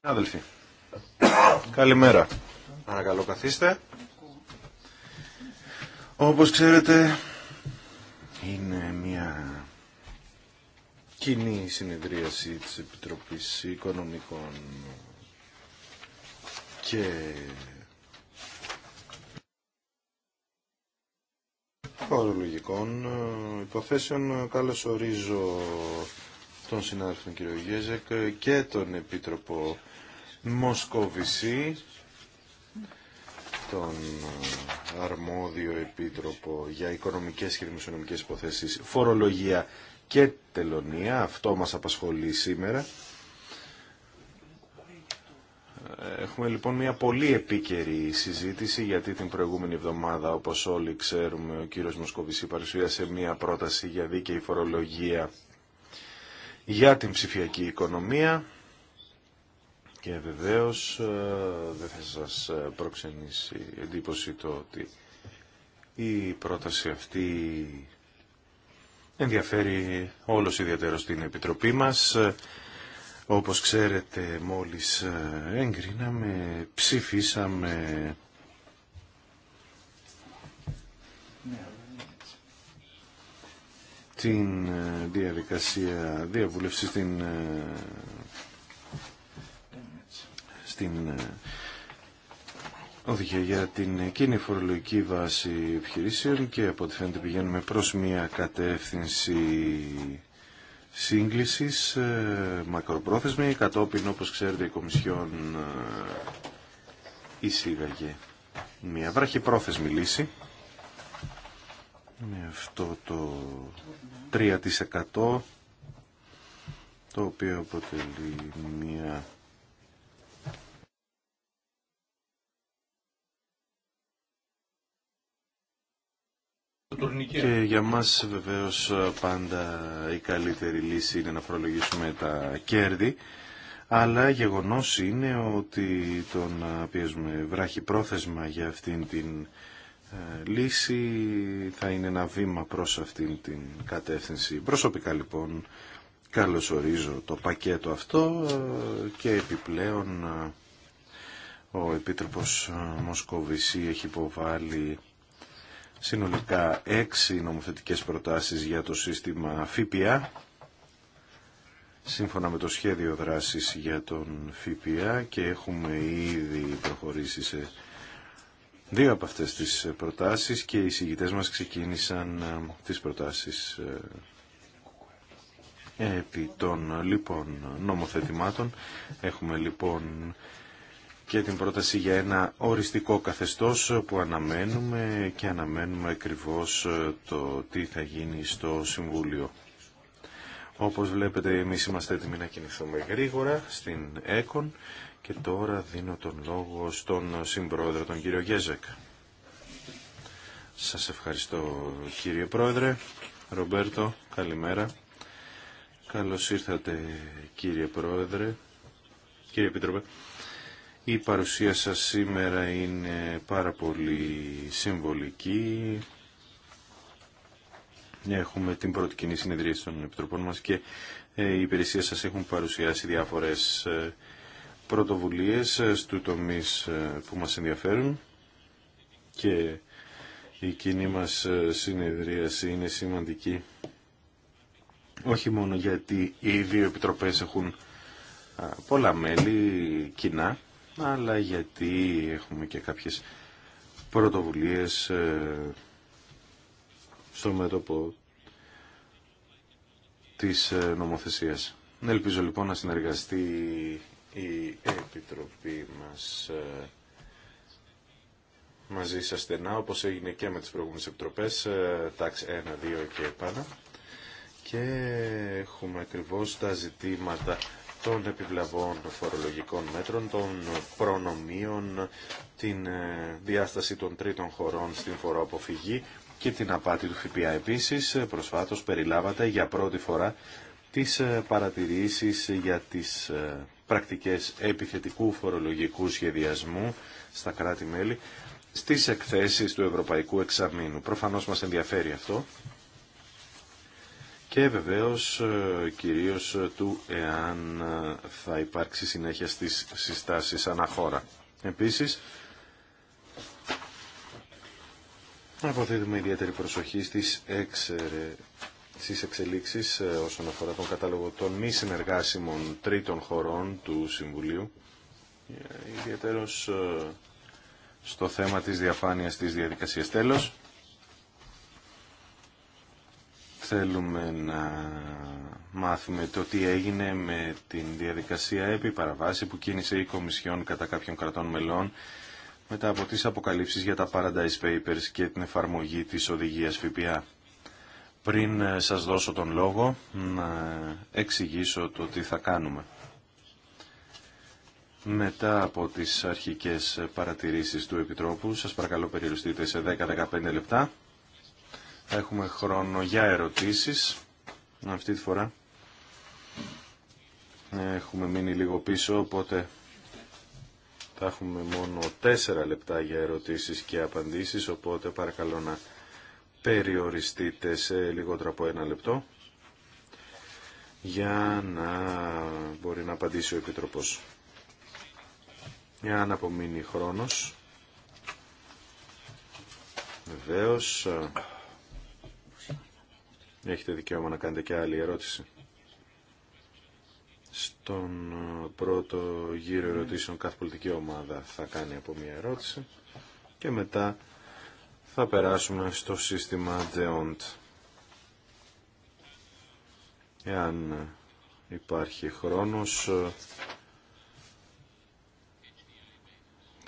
Άδελφοι. Καλημέρα. Παρακαλώ καθίστε. Όπως ξέρετε είναι μια κοινή συνεδρίαση της Επιτροπής Οικονομικών και φορολογικών ε, υποθέσεων. Ε, Καλώς ορίζω τον συνάδελφο κύριο Γέζεκ ε, και τον Επίτροπο Μοσκοβισή, τον αρμόδιο Επίτροπο για Οικονομικές και Δημοσιονομικές Υποθέσεις, Φορολογία και Τελωνία. Αυτό μας απασχολεί σήμερα. Έχουμε λοιπόν μια πολύ επίκαιρη συζήτηση γιατί την προηγούμενη εβδομάδα όπως όλοι ξέρουμε ο κύριος Μοσκοβισή παρουσίασε μια πρόταση για δίκαιη φορολογία για την ψηφιακή οικονομία και βεβαίως ε, δεν θα σας προξενήσει εντύπωση το ότι η πρόταση αυτή ενδιαφέρει όλος ιδιαίτερος την Επιτροπή μας όπως ξέρετε μόλις έγκριναμε, ε, ψηφίσαμε την ε, διαδικασία διαβούλευση στην, ε, στην οδηγία για την κοινή φορολογική βάση επιχειρήσεων και από ό,τι φαίνεται πηγαίνουμε προς μια κατεύθυνση σύγκλησης ε, μακροπρόθεσμη κατόπιν όπως ξέρετε η Κομισιόν ε, εισήγαγε μια βραχυπρόθεσμη λύση με αυτό το 3% το οποίο αποτελεί μια Και για μας βεβαίως πάντα η καλύτερη λύση είναι να φορολογήσουμε τα κέρδη, αλλά γεγονός είναι ότι το να πιέζουμε βράχη πρόθεσμα για αυτήν την ε, λύση θα είναι ένα βήμα προς αυτήν την κατεύθυνση. Προσωπικά λοιπόν καλωσορίζω το πακέτο αυτό ε, και επιπλέον ε, ο Επίτροπος Μοσκοβισή έχει υποβάλει συνολικά έξι νομοθετικές προτάσεις για το σύστημα ΦΠΑ σύμφωνα με το σχέδιο δράσης για τον ΦΠΑ και έχουμε ήδη προχωρήσει σε δύο από αυτές τις προτάσεις και οι συγητές μας ξεκίνησαν ε, τις προτάσεις ε, επί των λοιπόν νομοθετημάτων. Έχουμε λοιπόν και την πρόταση για ένα οριστικό καθεστώς που αναμένουμε και αναμένουμε ακριβώ ε, το τι θα γίνει στο Συμβούλιο. Όπως βλέπετε εμείς είμαστε έτοιμοι να κινηθούμε γρήγορα στην ΕΚΟΝ και τώρα δίνω τον λόγο στον Συμπρόεδρο, τον κύριο Γέζεκ. Σας ευχαριστώ κύριε Πρόεδρε. Ρομπέρτο, καλημέρα. Καλώς ήρθατε κύριε Πρόεδρε, κύριε Επίτροπε. Η παρουσία σας σήμερα είναι πάρα πολύ συμβολική. Έχουμε την πρώτη κοινή συνεδρίαση των επιτροπών μας και οι ε, υπηρεσίες σας έχουν παρουσιάσει διάφορες ε, πρωτοβουλίες ε, στου τομείς που μας ενδιαφέρουν και η κοινή μας συνεδρίαση είναι σημαντική όχι μόνο γιατί οι δύο επιτροπές έχουν πολλά μέλη κοινά αλλά γιατί έχουμε και κάποιες πρωτοβουλίες ε, στο μέτωπο της ε, νομοθεσίας. Ελπίζω λοιπόν να συνεργαστεί η Επιτροπή μας ε, μαζί σας στενά, όπως έγινε και με τις προηγούμενες επιτροπές, τάξη 1, 2 και πάνω. Και έχουμε ακριβώς τα ζητήματα των επιβλαβών φορολογικών μέτρων, των προνομίων, την ε, διάσταση των τρίτων χωρών στην φοροαποφυγή και την απάτη του ΦΠΑ. Επίσης, ε, προσφάτως περιλάβατε για πρώτη φορά τις ε, παρατηρήσεις για τις πρακτικές επιθετικού φορολογικού σχεδιασμού στα κράτη-μέλη στις εκθέσεις του Ευρωπαϊκού Εξαμήνου. Προφανώς μας ενδιαφέρει αυτό και βεβαίως ε, κυρίως ε, του εάν ε, θα υπάρξει συνέχεια στις συστάσεις αναχώρα. Επίσης, αποδίδουμε ιδιαίτερη προσοχή στις, εξερε... στις εξελίξεις όσον αφορά τον κατάλογο των μη συνεργάσιμων τρίτων χωρών του Συμβουλίου, ιδιαίτερος στο θέμα της διαφάνειας της διαδικασίας. Τέλος, θέλουμε να μάθουμε το τι έγινε με την διαδικασία επί παραβάση που κίνησε η Κομισιόν κατά κάποιων κρατών μελών μετά από τις αποκαλύψεις για τα Paradise Papers και την εφαρμογή της οδηγίας ΦΠΑ. Πριν ε, σας δώσω τον λόγο, να εξηγήσω το τι θα κάνουμε. Μετά από τις αρχικές παρατηρήσεις του Επιτρόπου, σας παρακαλώ περιοριστείτε σε 10-15 λεπτά έχουμε χρόνο για ερωτήσεις. Αυτή τη φορά έχουμε μείνει λίγο πίσω, οπότε θα έχουμε μόνο τέσσερα λεπτά για ερωτήσεις και απαντήσεις, οπότε παρακαλώ να περιοριστείτε σε λιγότερο από ένα λεπτό για να μπορεί να απαντήσει ο Επιτροπός. Για να απομείνει χρόνος. Βεβαίως, Έχετε δικαίωμα να κάνετε και άλλη ερώτηση. Στον ε, πρώτο γύρο ερωτήσεων κάθε πολιτική ομάδα θα κάνει από μία ερώτηση και μετά θα περάσουμε στο σύστημα DEONT. Εάν υπάρχει χρόνος ε,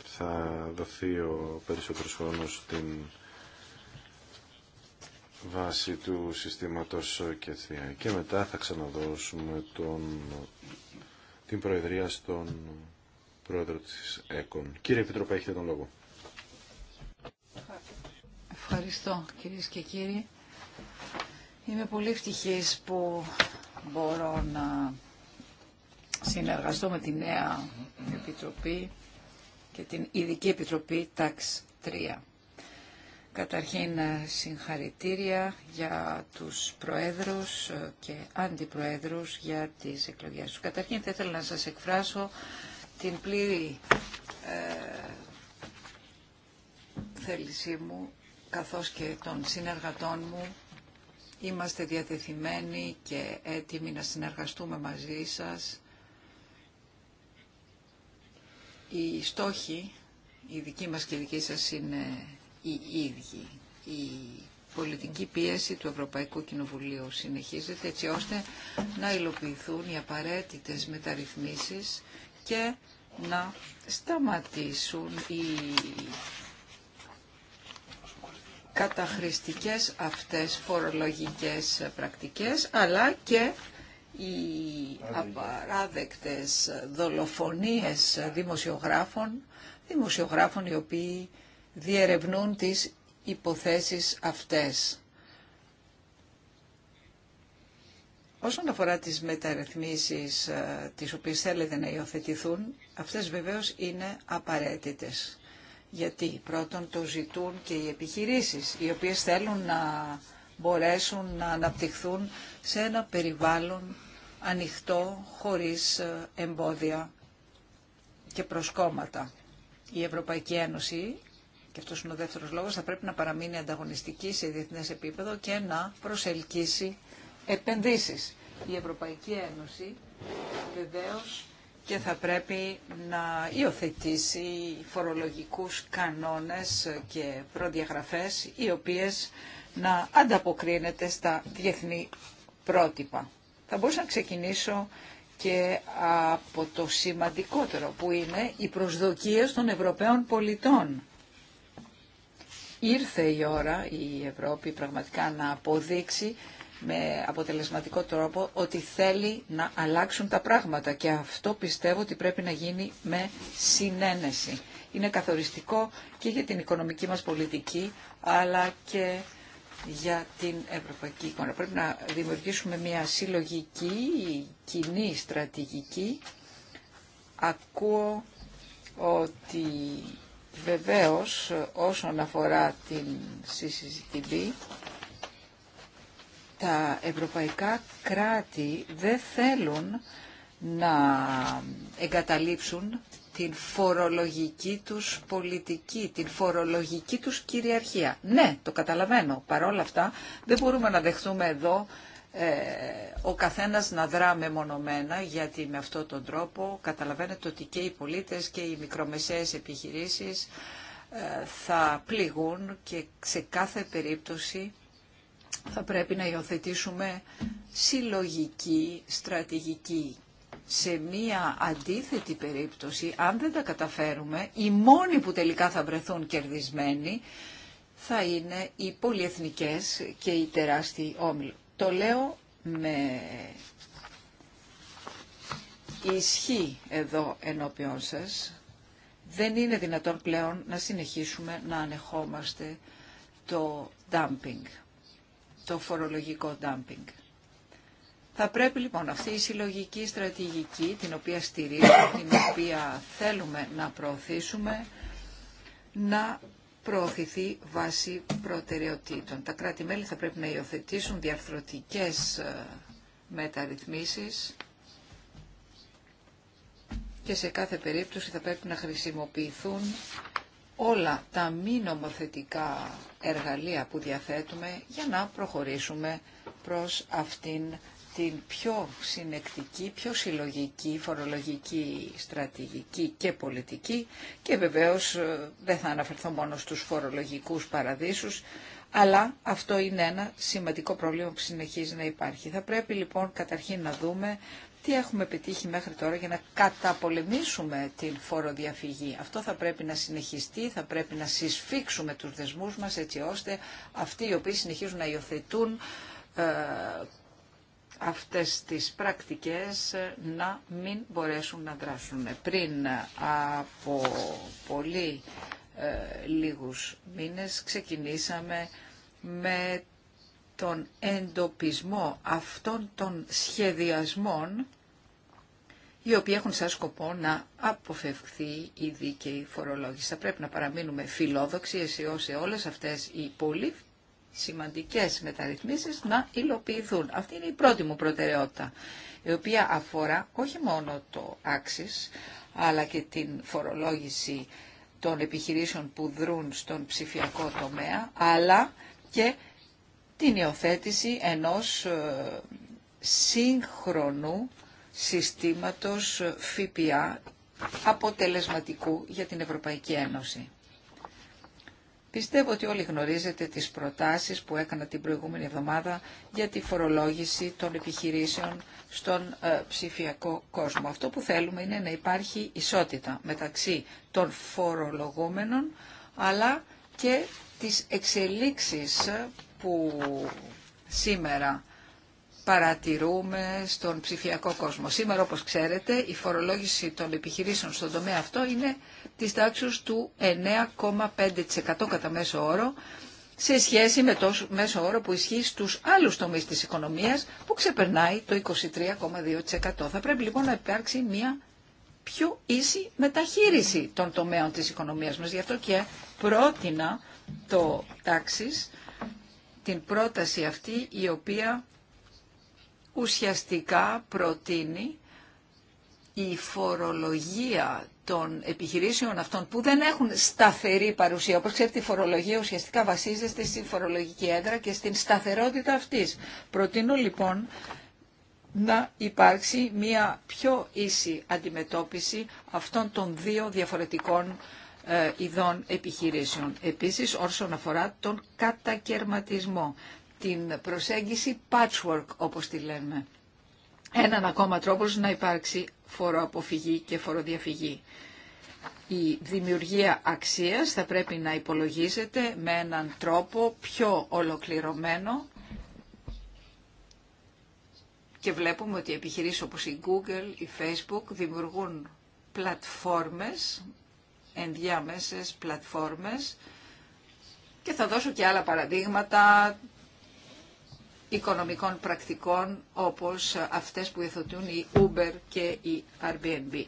θα δοθεί ο περισσότερος χρόνος στην βάση του συστήματος Και μετά θα ξαναδώσουμε τον, την Προεδρία στον Πρόεδρο της ΕΚΟΝ. Κύριε Επιτροπέ, έχετε τον λόγο. Ευχαριστώ κυρίες και κύριοι. Είμαι πολύ ευτυχής που μπορώ να συνεργαστώ με τη νέα Επιτροπή και την Ειδική Επιτροπή ΤΑΞ 3. Καταρχήν ε, συγχαρητήρια για τους προέδρους ε, και αντιπροέδρους για τις εκλογές τους. Καταρχήν θα ήθελα να σας εκφράσω την πλήρη ε, θέλησή μου καθώς και των συνεργατών μου. Είμαστε διατεθειμένοι και έτοιμοι να συνεργαστούμε μαζί σας. Οι στόχοι, οι δικοί μας και οι δικοί σας είναι οι ίδιοι. Η πολιτική πίεση του Ευρωπαϊκού Κοινοβουλίου συνεχίζεται έτσι ώστε να υλοποιηθούν οι απαραίτητες μεταρρυθμίσεις και να σταματήσουν οι καταχρηστικές αυτές φορολογικές πρακτικές, αλλά και οι απαράδεκτες δολοφονίες δημοσιογράφων, δημοσιογράφων οι οποίοι διερευνούν τις υποθέσεις αυτές. Όσον αφορά τις μεταρρυθμίσεις ε, τις οποίες θέλετε να υιοθετηθούν, αυτές βεβαίως είναι απαραίτητες. Γιατί πρώτον το ζητούν και οι επιχειρήσεις, οι οποίες θέλουν να μπορέσουν να αναπτυχθούν σε ένα περιβάλλον ανοιχτό, χωρίς ε, εμπόδια και προσκόμματα. Η Ευρωπαϊκή Ένωση και αυτός είναι ο δεύτερος λόγος, θα πρέπει να παραμείνει ανταγωνιστική σε διεθνές επίπεδο και να προσελκύσει επενδύσεις. Η Ευρωπαϊκή Ένωση βεβαίω και θα πρέπει να υιοθετήσει φορολογικούς κανόνες και προδιαγραφές οι οποίες να ανταποκρίνεται στα διεθνή πρότυπα. Θα μπορούσα να ξεκινήσω και από το σημαντικότερο που είναι οι προσδοκίες των Ευρωπαίων πολιτών ήρθε η ώρα η Ευρώπη πραγματικά να αποδείξει με αποτελεσματικό τρόπο ότι θέλει να αλλάξουν τα πράγματα και αυτό πιστεύω ότι πρέπει να γίνει με συνένεση. Είναι καθοριστικό και για την οικονομική μας πολιτική αλλά και για την ευρωπαϊκή εικόνα. Πρέπει να δημιουργήσουμε μια συλλογική, κοινή στρατηγική. Ακούω ότι Βεβαίως, όσον αφορά την CCTV, τα ευρωπαϊκά κράτη δεν θέλουν να εγκαταλείψουν την φορολογική τους πολιτική, την φορολογική τους κυριαρχία. Ναι, το καταλαβαίνω. Παρ' όλα αυτά δεν μπορούμε να δεχθούμε εδώ ε, ο καθένας να δράμε μονομένα γιατί με αυτόν τον τρόπο καταλαβαίνετε ότι και οι πολίτες και οι μικρομεσαίες επιχειρήσεις ε, θα πληγούν και σε κάθε περίπτωση θα πρέπει να υιοθετήσουμε συλλογική στρατηγική. Σε μία αντίθετη περίπτωση, αν δεν τα καταφέρουμε, οι μόνοι που τελικά θα βρεθούν κερδισμένοι θα είναι οι πολυεθνικές και οι τεράστιοι όμιλοι. Το λέω με ισχύ εδώ ενώπιον σας. Δεν είναι δυνατόν πλέον να συνεχίσουμε να ανεχόμαστε το dumping, το φορολογικό dumping. Θα πρέπει λοιπόν αυτή η συλλογική στρατηγική, την οποία στηρίζουμε, την οποία θέλουμε να προωθήσουμε, να προωθηθεί βάση προτεραιοτήτων. Τα κράτη-μέλη θα πρέπει να υιοθετήσουν διαρθρωτικές ε, μεταρρυθμίσεις και σε κάθε περίπτωση θα πρέπει να χρησιμοποιηθούν όλα τα μη νομοθετικά εργαλεία που διαθέτουμε για να προχωρήσουμε προς αυτήν την πιο συνεκτική, πιο συλλογική, φορολογική, στρατηγική και πολιτική και βεβαίως ε, δεν θα αναφερθώ μόνο στους φορολογικούς παραδείσους, αλλά αυτό είναι ένα σημαντικό πρόβλημα που συνεχίζει να υπάρχει. Θα πρέπει λοιπόν καταρχήν να δούμε τι έχουμε πετύχει μέχρι τώρα για να καταπολεμήσουμε την φοροδιαφυγή. Αυτό θα πρέπει να συνεχιστεί, θα πρέπει να συσφίξουμε τους δεσμούς μας έτσι ώστε αυτοί οι οποίοι συνεχίζουν να υιοθετούν ε, αυτές τις πρακτικές να μην μπορέσουν να δράσουν. Πριν από πολύ ε, λίγους μήνες ξεκινήσαμε με τον εντοπισμό αυτών των σχεδιασμών οι οποίοι έχουν σαν σκοπό να αποφευχθεί η δίκαιη φορολόγηση. Θα πρέπει να παραμείνουμε φιλόδοξοι αισιώ σε όλες αυτές οι πολύ σημαντικές μεταρρυθμίσεις να υλοποιηθούν. Αυτή είναι η πρώτη μου προτεραιότητα, η οποία αφορά όχι μόνο το άξις, αλλά και την φορολόγηση των επιχειρήσεων που δρούν στον ψηφιακό τομέα, αλλά και την υιοθέτηση ενός ε, σύγχρονου συστήματος ΦΠΑ αποτελεσματικού για την Ευρωπαϊκή Ένωση. Πιστεύω ότι όλοι γνωρίζετε τις προτάσεις που έκανα την προηγούμενη εβδομάδα για τη φορολόγηση των επιχειρήσεων στον ε, ψηφιακό κόσμο. Αυτό που θέλουμε είναι να υπάρχει ισότητα μεταξύ των φορολογούμενων αλλά και τις εξελίξεις που σήμερα παρατηρούμε στον ψηφιακό κόσμο. Σήμερα, όπως ξέρετε, η φορολόγηση των επιχειρήσεων στον τομέα αυτό είναι της τάξης του 9,5% κατά μέσο όρο σε σχέση με το μέσο όρο που ισχύει στους άλλους τομείς της οικονομίας που ξεπερνάει το 23,2%. Θα πρέπει λοιπόν να υπάρξει μια πιο ίση μεταχείριση των τομέων της οικονομίας μας. Γι' αυτό και πρότεινα το τάξης την πρόταση αυτή η οποία ουσιαστικά προτείνει η φορολογία των επιχειρήσεων αυτών που δεν έχουν σταθερή παρουσία. Όπως ξέρετε η φορολογία ουσιαστικά βασίζεται στην φορολογική έδρα και στην σταθερότητα αυτής. Προτείνω λοιπόν να υπάρξει μια πιο ίση αντιμετώπιση αυτών των δύο διαφορετικών ε, ειδών επιχειρήσεων. Επίσης όσον αφορά τον κατακαιρματισμό, την προσέγγιση patchwork όπως τη λέμε έναν ακόμα τρόπο να υπάρξει φοροαποφυγή και φοροδιαφυγή. Η δημιουργία αξίας θα πρέπει να υπολογίζεται με έναν τρόπο πιο ολοκληρωμένο και βλέπουμε ότι επιχειρήσει επιχειρήσεις όπως η Google, η Facebook δημιουργούν πλατφόρμες, ενδιάμεσες πλατφόρμες και θα δώσω και άλλα παραδείγματα οικονομικών πρακτικών όπως αυτές που εθωτούν η Uber και η Airbnb.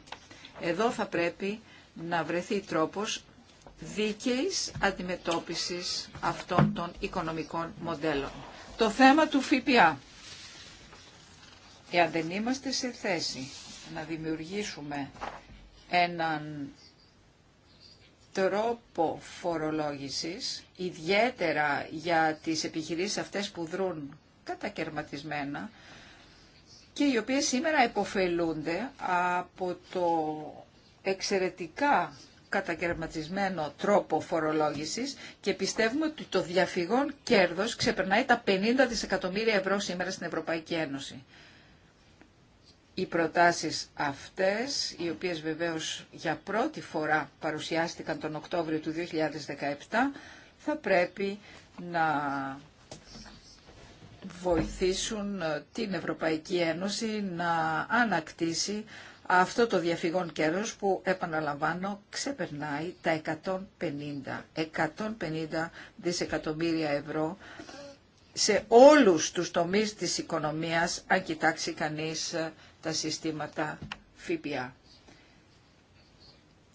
Εδώ θα πρέπει να βρεθεί τρόπος δίκαιης αντιμετώπισης αυτών των οικονομικών μοντέλων. Το θέμα του ΦΠΑ. Εάν δεν είμαστε σε θέση να δημιουργήσουμε έναν τρόπο φορολόγησης, ιδιαίτερα για τις επιχειρήσεις αυτές που δρούν κατακαιρματισμένα και οι οποίες σήμερα υποφελούνται από το εξαιρετικά κατακαιρματισμένο τρόπο φορολόγησης και πιστεύουμε ότι το διαφυγόν κέρδος ξεπερνάει τα 50 δισεκατομμύρια ευρώ σήμερα στην Ευρωπαϊκή Ένωση. Οι προτάσεις αυτές, οι οποίες βεβαίως για πρώτη φορά παρουσιάστηκαν τον Οκτώβριο του 2017, θα πρέπει να βοηθήσουν ε, την Ευρωπαϊκή Ένωση να ανακτήσει αυτό το διαφυγόν κέρδος που επαναλαμβάνω ξεπερνάει τα 150, 150 δισεκατομμύρια ευρώ σε όλους τους τομείς της οικονομίας αν κοιτάξει κανείς ε, τα συστήματα ΦΠΑ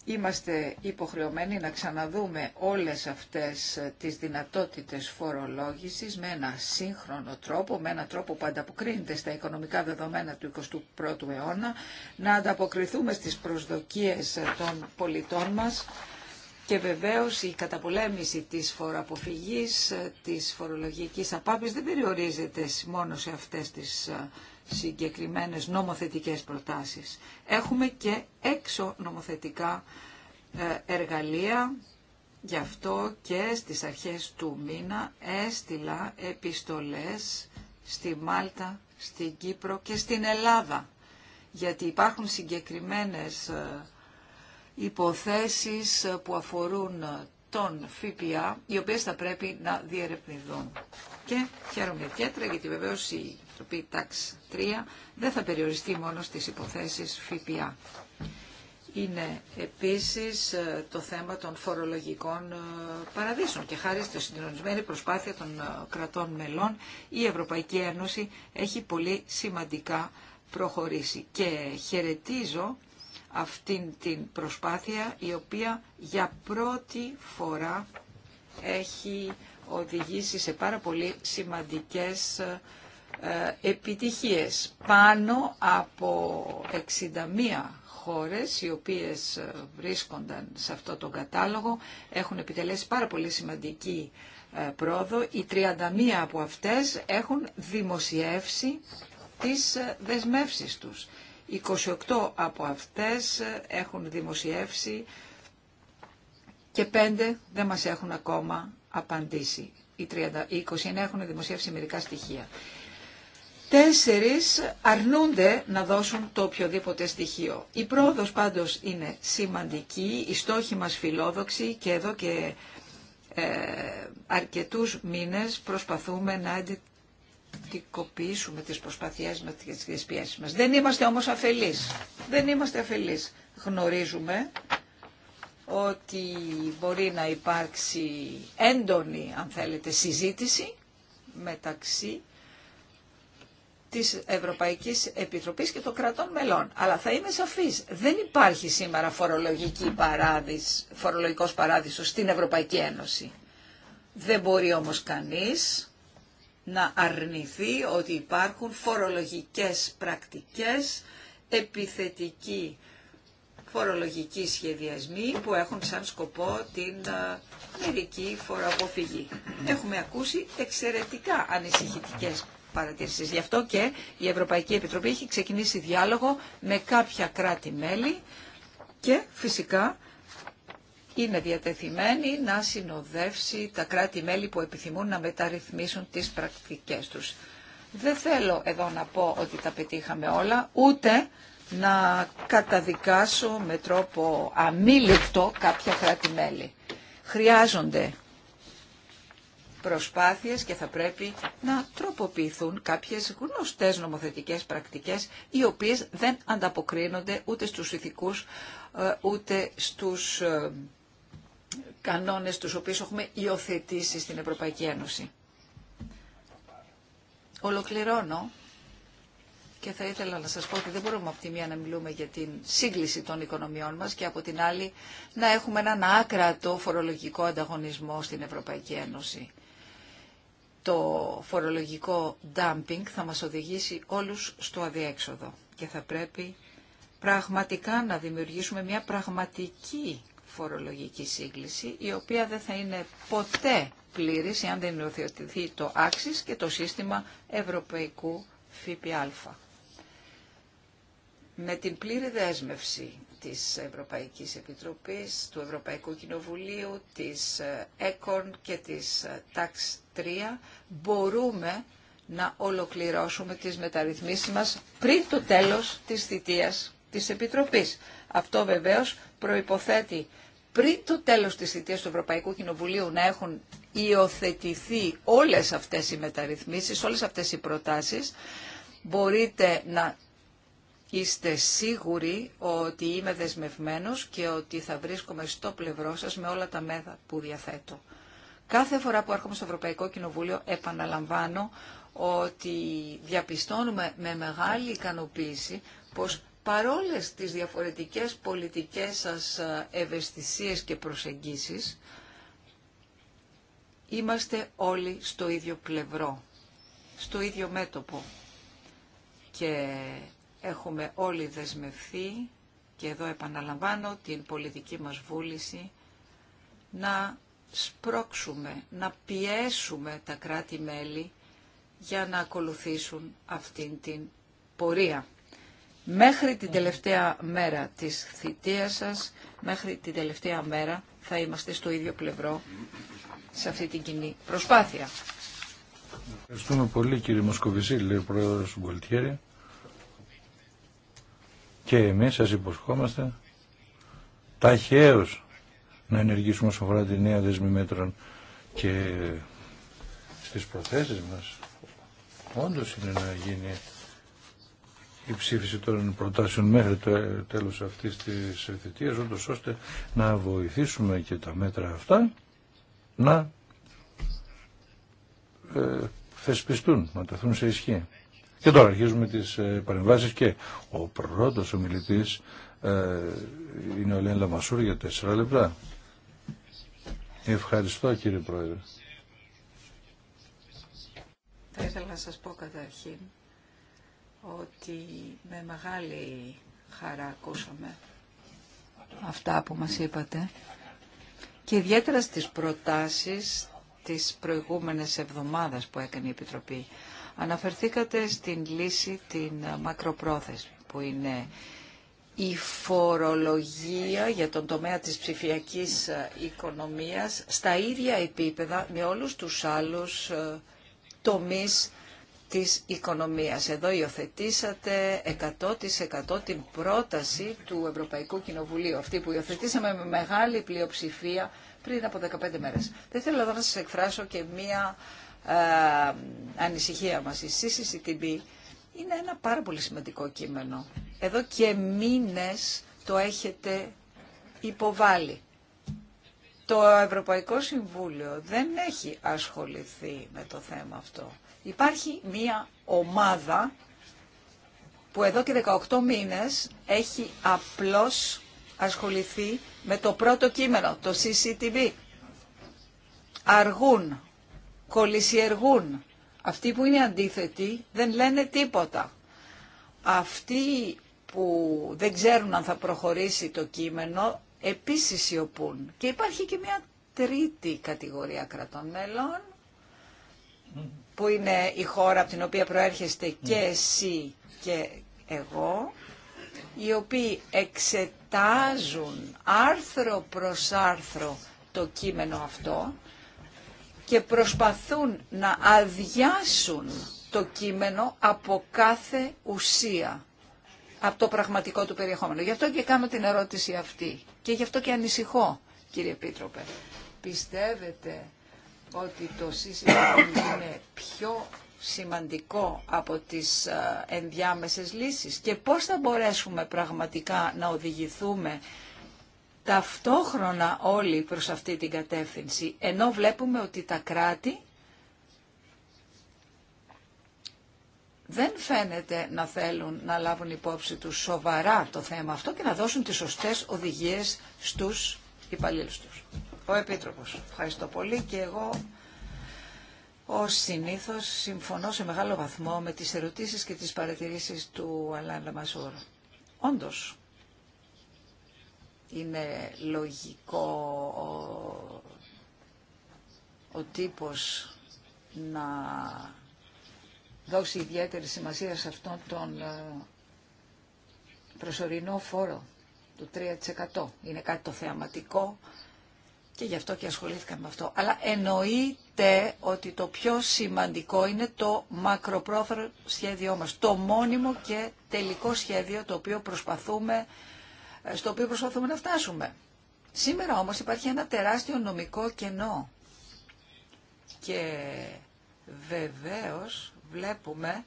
είμαστε υποχρεωμένοι να ξαναδούμε όλες αυτές τις δυνατότητες φορολόγησης με ένα σύγχρονο τρόπο, με ένα τρόπο που ανταποκρίνεται στα οικονομικά δεδομένα του 21ου αιώνα, να ανταποκριθούμε στις προσδοκίες των πολιτών μας, και βεβαίως η καταπολέμηση της φοροαποφυγής, της φορολογικής απάπης δεν περιορίζεται μόνο σε αυτές τις ε, συγκεκριμένες νομοθετικές προτάσεις. Έχουμε και έξω νομοθετικά ε, εργαλεία, γι' αυτό και στις αρχές του μήνα έστειλα επιστολές στη Μάλτα, στην Κύπρο και στην Ελλάδα, γιατί υπάρχουν συγκεκριμένες ε, υποθέσεις που αφορούν τον ΦΠΑ, οι οποίες θα πρέπει να διερευνηθούν. Και χαίρομαι ιδιαίτερα γιατί βεβαίω η Επιτροπή ΤΑΞ 3 δεν θα περιοριστεί μόνο στις υποθέσεις ΦΠΑ. Είναι επίσης ε, το θέμα των φορολογικών ε, παραδείσων και χάρη στη συντονισμένη προσπάθεια των ε, κρατών μελών η Ευρωπαϊκή Ένωση έχει πολύ σημαντικά προχωρήσει και χαιρετίζω αυτήν την προσπάθεια η οποία για πρώτη φορά έχει οδηγήσει σε πάρα πολύ σημαντικές ε, επιτυχίες. Πάνω από 61 χώρες οι οποίες ε, βρίσκονταν σε αυτό το κατάλογο έχουν επιτελέσει πάρα πολύ σημαντική ε, πρόοδο. Οι 31 από αυτές έχουν δημοσιεύσει τις δεσμεύσεις τους. 28 από αυτές έχουν δημοσιεύσει και 5 δεν μας έχουν ακόμα απαντήσει. Οι 29 έχουν δημοσιεύσει μερικά στοιχεία. Τέσσερις αρνούνται να δώσουν το οποιοδήποτε στοιχείο. Η πρόοδος πάντως είναι σημαντική, η στόχη μας φιλόδοξη και εδώ και ε, αρκετούς μήνες προσπαθούμε να δικοποιήσουμε τις προσπάθειές μας και τις πιέσεις μας. Δεν είμαστε όμως αφελείς. Δεν είμαστε αφελείς. Γνωρίζουμε ότι μπορεί να υπάρξει έντονη, αν θέλετε, συζήτηση μεταξύ της Ευρωπαϊκής Επιτροπής και των κρατών μελών. Αλλά θα είμαι σαφής, δεν υπάρχει σήμερα φορολογική παράδεισ, φορολογικός παράδεισος στην Ευρωπαϊκή Ένωση. Δεν μπορεί όμως κανείς να αρνηθεί ότι υπάρχουν φορολογικές πρακτικές, επιθετικοί φορολογικοί σχεδιασμοί που έχουν σαν σκοπό την ε, μερική φοροαποφυγή. Έχουμε ακούσει εξαιρετικά ανησυχητικές παρατηρήσεις. Γι' αυτό και η Ευρωπαϊκή Επιτροπή έχει ξεκινήσει διάλογο με κάποια κράτη-μέλη και φυσικά είναι διατεθειμένη να συνοδεύσει τα κράτη-μέλη που επιθυμούν να μεταρρυθμίσουν τις πρακτικές τους. Δεν θέλω εδώ να πω ότι τα πετύχαμε όλα, ούτε να καταδικάσω με τρόπο αμήλικτο κάποια κράτη-μέλη. Χρειάζονται προσπάθειες και θα πρέπει να τροποποιηθούν κάποιες γνωστές νομοθετικές πρακτικές οι οποίες δεν ανταποκρίνονται ούτε στους ηθικούς ε, ούτε στους ε, κανόνες τους οποίους έχουμε υιοθετήσει στην Ευρωπαϊκή Ένωση. Ολοκληρώνω και θα ήθελα να σας πω ότι δεν μπορούμε από τη μία να μιλούμε για την σύγκληση των οικονομιών μας και από την άλλη να έχουμε έναν άκρατο φορολογικό ανταγωνισμό στην Ευρωπαϊκή Ένωση. Το φορολογικό dumping θα μας οδηγήσει όλους στο αδιέξοδο και θα πρέπει πραγματικά να δημιουργήσουμε μια πραγματική φορολογική σύγκληση, η οποία δεν θα είναι ποτέ πλήρης εάν δεν υιοθετηθεί το άξις και το σύστημα ευρωπαϊκού ΦΠΑ. Με την πλήρη δέσμευση της Ευρωπαϊκής Επιτροπής, του Ευρωπαϊκού Κοινοβουλίου, της ΕΚΟΝ και της ΤΑΞ 3 μπορούμε να ολοκληρώσουμε τις μεταρρυθμίσεις μας πριν το τέλος της θητείας της Επιτροπής. Αυτό βεβαίως προϋποθέτει πριν το τέλος της θητείας του Ευρωπαϊκού Κοινοβουλίου να έχουν υιοθετηθεί όλες αυτές οι μεταρρυθμίσεις, όλες αυτές οι προτάσεις, μπορείτε να είστε σίγουροι ότι είμαι δεσμευμένος και ότι θα βρίσκομαι στο πλευρό σας με όλα τα μέτρα που διαθέτω. Κάθε φορά που έρχομαι στο Ευρωπαϊκό Κοινοβούλιο επαναλαμβάνω ότι διαπιστώνουμε με μεγάλη ικανοποίηση πως παρόλες τις διαφορετικές πολιτικές σας ευαισθησίες και προσεγγίσεις, είμαστε όλοι στο ίδιο πλευρό, στο ίδιο μέτωπο. Και έχουμε όλοι δεσμευθεί, και εδώ επαναλαμβάνω την πολιτική μας βούληση, να σπρώξουμε, να πιέσουμε τα κράτη-μέλη για να ακολουθήσουν αυτήν την πορεία. Μέχρι την τελευταία μέρα της θητείας σας, μέχρι την τελευταία μέρα θα είμαστε στο ίδιο πλευρό σε αυτή την κοινή προσπάθεια. Ευχαριστούμε πολύ κύριε Μοσκοβισή, λέει ο Πρόεδρος Γκολτιέρη. Και εμείς σας υποσχόμαστε ταχαίως να ενεργήσουμε όσον αφορά τη νέα δεσμή μέτρων και στις προθέσεις μας. Όντως είναι να γίνει η ψήφιση των προτάσεων μέχρι το τέλος αυτής της θητείας, όντως ώστε να βοηθήσουμε και τα μέτρα αυτά να ε, θεσπιστούν, να τεθούν σε ισχύ. Και τώρα αρχίζουμε τις ε, παρεμβάσεις και ο πρώτος ομιλητής ε, είναι ο Λέντα Μασούρ για τέσσερα λεπτά. Ευχαριστώ κύριε Πρόεδρε. Θα ήθελα να σας πω καταρχήν ότι με μεγάλη χαρά ακούσαμε αυτά που μας είπατε και ιδιαίτερα στις προτάσεις της προηγούμενης εβδομάδας που έκανε η Επιτροπή. Αναφερθήκατε στην λύση την μακροπρόθεση που είναι η φορολογία για τον τομέα της ψηφιακής ε, οικονομίας στα ίδια επίπεδα με όλους τους άλλους ε, τομείς της οικονομίας. Εδώ υιοθετήσατε 100% την πρόταση του Ευρωπαϊκού Κοινοβουλίου, αυτή που υιοθετήσαμε με μεγάλη πλειοψηφία πριν από 15 μέρες. δεν θέλω εδώ να σας εκφράσω και μία ε, ανησυχία μας. Η CCCTB είναι ένα πάρα πολύ σημαντικό κείμενο. Εδώ και μήνες το έχετε υποβάλει. Το Ευρωπαϊκό Συμβούλιο δεν έχει ασχοληθεί με το θέμα αυτό. Υπάρχει μία ομάδα που εδώ και 18 μήνες έχει απλώς ασχοληθεί με το πρώτο κείμενο, το CCTV. Αργούν, κολυσιεργούν. Αυτοί που είναι αντίθετοι δεν λένε τίποτα. Αυτοί που δεν ξέρουν αν θα προχωρήσει το κείμενο επίσης σιωπούν. Και υπάρχει και μια τρίτη κατηγορία κρατών μέλων που είναι η χώρα από την οποία προέρχεστε και εσύ και εγώ, οι οποίοι εξετάζουν άρθρο προς άρθρο το κείμενο αυτό και προσπαθούν να αδειάσουν το κείμενο από κάθε ουσία, από το πραγματικό του περιεχόμενο. Γι' αυτό και κάνω την ερώτηση αυτή και γι' αυτό και ανησυχώ, κύριε Πίτροπε, Πιστεύετε ότι το σύστημα είναι πιο σημαντικό από τις ε, ενδιάμεσες λύσεις και πώς θα μπορέσουμε πραγματικά να οδηγηθούμε ταυτόχρονα όλοι προς αυτή την κατεύθυνση, ενώ βλέπουμε ότι τα κράτη δεν φαίνεται να θέλουν να λάβουν υπόψη τους σοβαρά το θέμα αυτό και να δώσουν τις σωστές οδηγίες στους υπαλλήλους τους ο Επίτροπος. Ευχαριστώ πολύ και εγώ ως συνήθως συμφωνώ σε μεγάλο βαθμό με τις ερωτήσεις και τις παρατηρήσεις του Αλάν Λαμασούρ. Όντως, είναι λογικό ο, ο τύπος να δώσει ιδιαίτερη σημασία σε αυτόν τον ε, προσωρινό φόρο του 3%. Είναι κάτι το θεαματικό και γι' αυτό και ασχολήθηκα με αυτό. Αλλά εννοείται ότι το πιο σημαντικό είναι το μακροπρόθερο σχέδιό μας, το μόνιμο και τελικό σχέδιο το οποίο προσπαθούμε, στο οποίο προσπαθούμε να φτάσουμε. Σήμερα όμως υπάρχει ένα τεράστιο νομικό κενό και βεβαίως βλέπουμε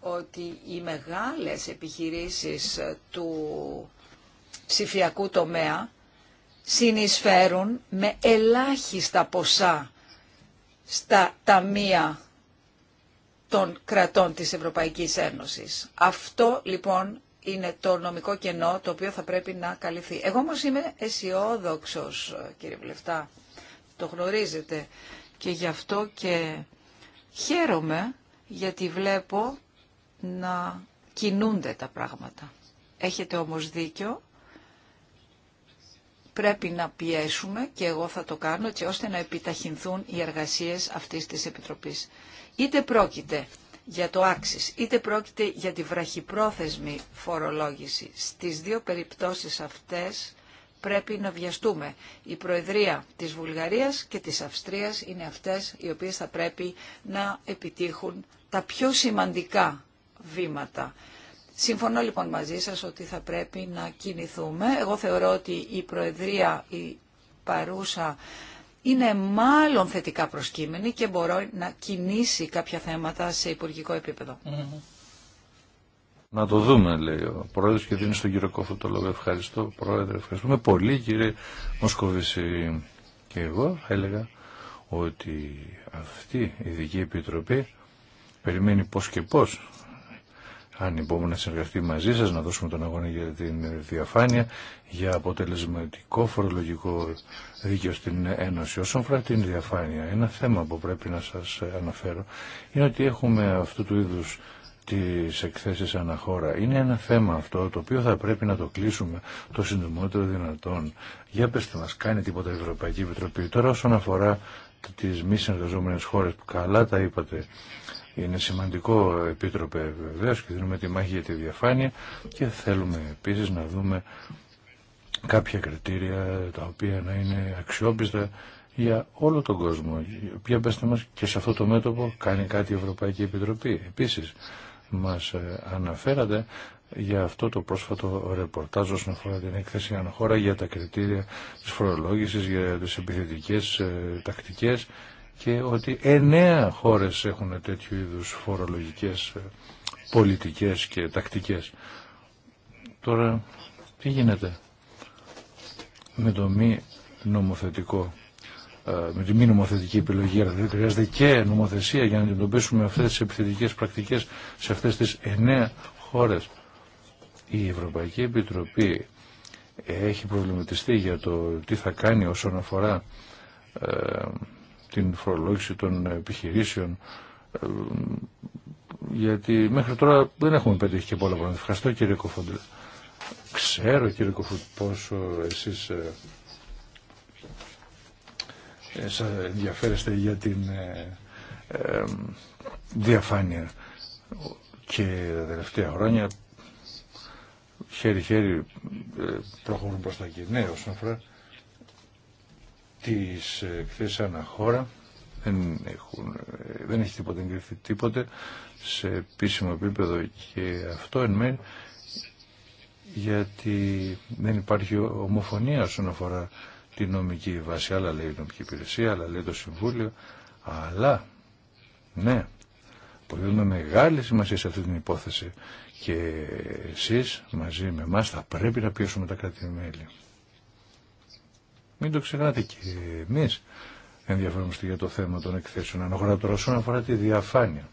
ότι οι μεγάλες επιχειρήσεις του ψηφιακού τομέα συνεισφέρουν με ελάχιστα ποσά στα ταμεία των κρατών της Ευρωπαϊκής Ένωσης. Αυτό λοιπόν είναι το νομικό κενό το οποίο θα πρέπει να καλυφθεί. Εγώ όμως είμαι αισιόδοξο, κύριε Βλεφτά, το γνωρίζετε και γι' αυτό και χαίρομαι γιατί βλέπω να κινούνται τα πράγματα. Έχετε όμως δίκιο πρέπει να πιέσουμε και εγώ θα το κάνω έτσι ώστε να επιταχυνθούν οι εργασίες αυτής της Επιτροπής. Είτε πρόκειται για το άξις, είτε πρόκειται για τη βραχυπρόθεσμη φορολόγηση. Στις δύο περιπτώσεις αυτές πρέπει να βιαστούμε. Η Προεδρία της Βουλγαρίας και της Αυστρίας είναι αυτές οι οποίες θα πρέπει να επιτύχουν τα πιο σημαντικά βήματα. Συμφωνώ λοιπόν μαζί σας ότι θα πρέπει να κινηθούμε. Εγώ θεωρώ ότι η Προεδρία, η παρούσα, είναι μάλλον θετικά προσκύμενη και μπορώ να κινήσει κάποια θέματα σε υπουργικό επίπεδο. Mm-hmm. Να το δούμε, λέει ο Πρόεδρος και δίνει στον κύριο Κόφου το λόγο. Ευχαριστώ, Πρόεδρε. Ευχαριστούμε πολύ, κύριε Μοσκοβίση. Και εγώ έλεγα ότι αυτή η Ειδική Επιτροπή περιμένει πώς και πώς αν μπορούμε να συνεργαστεί μαζί σας, να δώσουμε τον αγώνα για την διαφάνεια, για αποτελεσματικό φορολογικό δίκαιο στην Ένωση. Όσον αφορά την διαφάνεια, ένα θέμα που πρέπει να σας αναφέρω είναι ότι έχουμε αυτού του είδους τις εκθέσεις αναχώρα. Είναι ένα θέμα αυτό το οποίο θα πρέπει να το κλείσουμε το συντομότερο δυνατόν. Για πετε μας, κάνει τίποτα η Ευρωπαϊκή Επιτροπή. Τώρα όσον αφορά τις μη συνεργαζόμενες χώρες που καλά τα είπατε, είναι σημαντικό, Επίτροπε, βεβαίω και δίνουμε τη μάχη για τη διαφάνεια και θέλουμε επίσης να δούμε κάποια κριτήρια τα οποία να είναι αξιόπιστα για όλο τον κόσμο. Ποια πέστε μας και σε αυτό το μέτωπο κάνει κάτι η Ευρωπαϊκή Επιτροπή. Επίσης, μας ε, αναφέρατε για αυτό το πρόσφατο ρεπορτάζ όσον αφορά την έκθεση αναχώρα για τα κριτήρια της φορολόγησης, για τις επιθετικές ε, τακτικές και ότι εννέα χώρες έχουν τέτοιου είδους φορολογικές ε, πολιτικές και τακτικές. Τώρα τι γίνεται με το μη νομοθετικό ε, με τη μη νομοθετική επιλογή, αλλά χρειάζεται και νομοθεσία για να αντιμετωπίσουμε αυτές τις επιθετικές πρακτικές σε αυτές τις εννέα χώρες. Η Ευρωπαϊκή Επιτροπή έχει προβληματιστεί για το τι θα κάνει όσον αφορά ε, την φορολόγηση των επιχειρήσεων, ε, γιατί μέχρι τώρα δεν έχουμε πετύχει και πολλά πράγματα. Ευχαριστώ κύριε Κοφόντου. Ξέρω κύριε Κοφόντου πόσο εσείς ε, ε, ενδιαφέρεστε για την διαφάνεια και τα τελευταία χρόνια χέρι-χέρι προχωρούν προς τα κοινέα ναι, όσον αφορά τις εκθέσεις αναχώρα δεν, έχουν, ε, δεν έχει τίποτα εγκριθεί τίποτε σε επίσημο επίπεδο και αυτό εν μέρει γιατί δεν υπάρχει ομοφωνία όσον αφορά τη νομική βάση. Άλλα λέει η νομική υπηρεσία, άλλα λέει το Συμβούλιο, αλλά ναι, αποδίδουμε μεγάλη σημασία σε αυτή την υπόθεση και εσείς μαζί με εμάς θα πρέπει να πιέσουμε τα κράτη-μέλη. Μην το ξεχνάτε και εμεί ενδιαφέρομαστε για το θέμα των εκθέσεων. Αναφορά τώρα όσον αφορά τη διαφάνεια.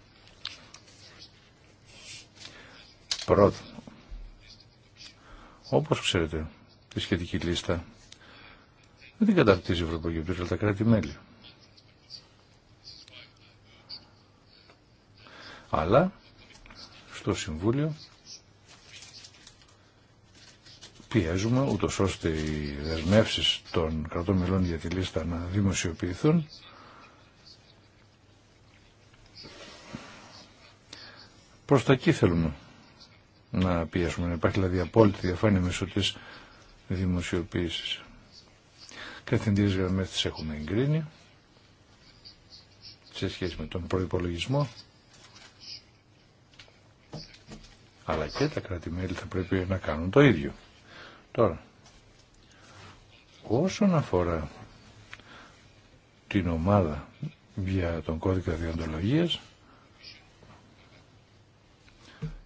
Πρώτον, όπως ξέρετε, τη σχετική λίστα δεν την καταρτίζει η Ευρωπαϊκή Επιτροπή, αλλά τα κράτη-μέλη. Αλλά στο Συμβούλιο πιέζουμε ούτως ώστε οι δεσμεύσει των κρατών μελών για τη λίστα να δημοσιοποιηθούν προς τα εκεί θέλουμε να πιέσουμε να υπάρχει δηλαδή απόλυτη διαφάνεια μέσω της δημοσιοποίησης καθεντήρες γραμμές τις έχουμε εγκρίνει σε σχέση με τον προϋπολογισμό αλλά και τα κράτη-μέλη θα πρέπει να κάνουν το ίδιο. Τώρα, όσον αφορά την ομάδα για τον κώδικα διοντολογίας,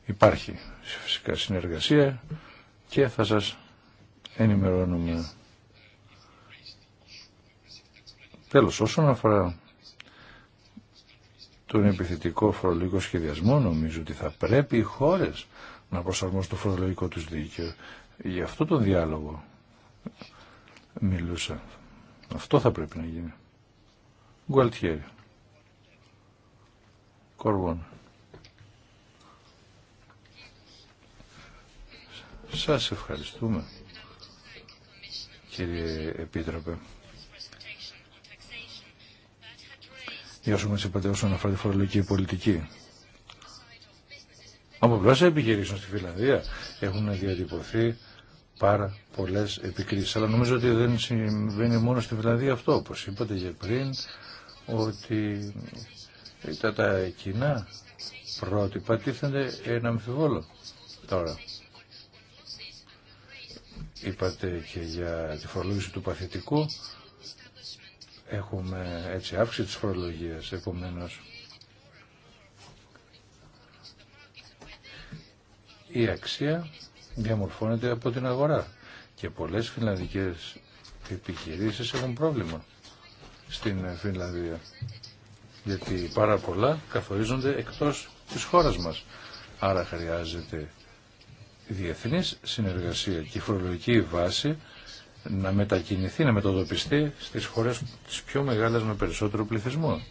υπάρχει φυσικά συνεργασία και θα σας ενημερώνουμε. Τέλος, όσον αφορά τον επιθετικό φορολογικό σχεδιασμό, νομίζω ότι θα πρέπει οι χώρες να προσαρμόσουν το φορολογικό τους δίκαιο για αυτό τον διάλογο μιλούσα. Αυτό θα πρέπει να γίνει. Γκουαλτιέρι. Κορβόν. Σας ευχαριστούμε, κύριε Επίτροπε. Για όσο μας είπατε όσον αφορά τη φορολογική πολιτική. Από πλάσα επιχειρήσεων στη Φιλανδία έχουν διατυπωθεί πάρα πολλές επικρίσεις. Αλλά νομίζω ότι δεν συμβαίνει μόνο στη Φιλανδία αυτό, όπως είπατε και πριν, ότι τα, τα κοινά πρότυπα τίθενται ένα αμφιβόλο τώρα. Είπατε και για τη φορολόγηση του παθητικού. Έχουμε έτσι αύξηση της φορολογίας, επομένως. Η αξία διαμορφώνεται από την αγορά. Και πολλές φιλανδικές επιχειρήσεις έχουν πρόβλημα στην Φιλανδία Γιατί πάρα πολλά καθορίζονται εκτός της χώρας μας. Άρα χρειάζεται διεθνής συνεργασία και φορολογική βάση να μετακινηθεί, να μετατοπιστεί στις χώρες τις πιο μεγάλες με περισσότερο πληθυσμό.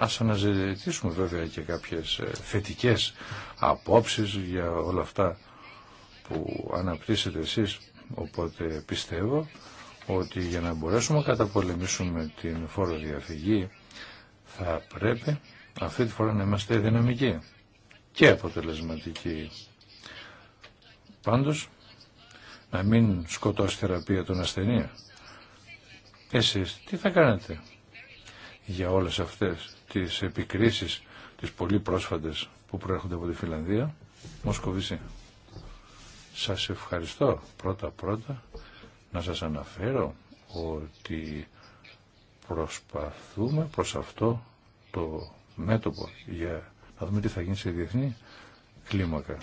Ας αναζητήσουμε βέβαια και κάποιες ε, θετικές απόψεις για όλα αυτά που αναπτύσσετε εσείς. Οπότε πιστεύω ότι για να μπορέσουμε να καταπολεμήσουμε την φοροδιαφυγή θα πρέπει αυτή τη φορά να είμαστε δυναμικοί και αποτελεσματικοί. Πάντως, να μην σκοτώσει θεραπεία τον ασθενή. Εσείς τι θα κάνετε για όλες αυτές τις επικρίσεις, τις πολύ πρόσφατες που προέρχονται από τη Φιλανδία. Μοσκοβίση, σας ευχαριστώ πρώτα-πρώτα να σας αναφέρω ότι προσπαθούμε προς αυτό το μέτωπο για να δούμε τι θα γίνει σε διεθνή κλίμακα.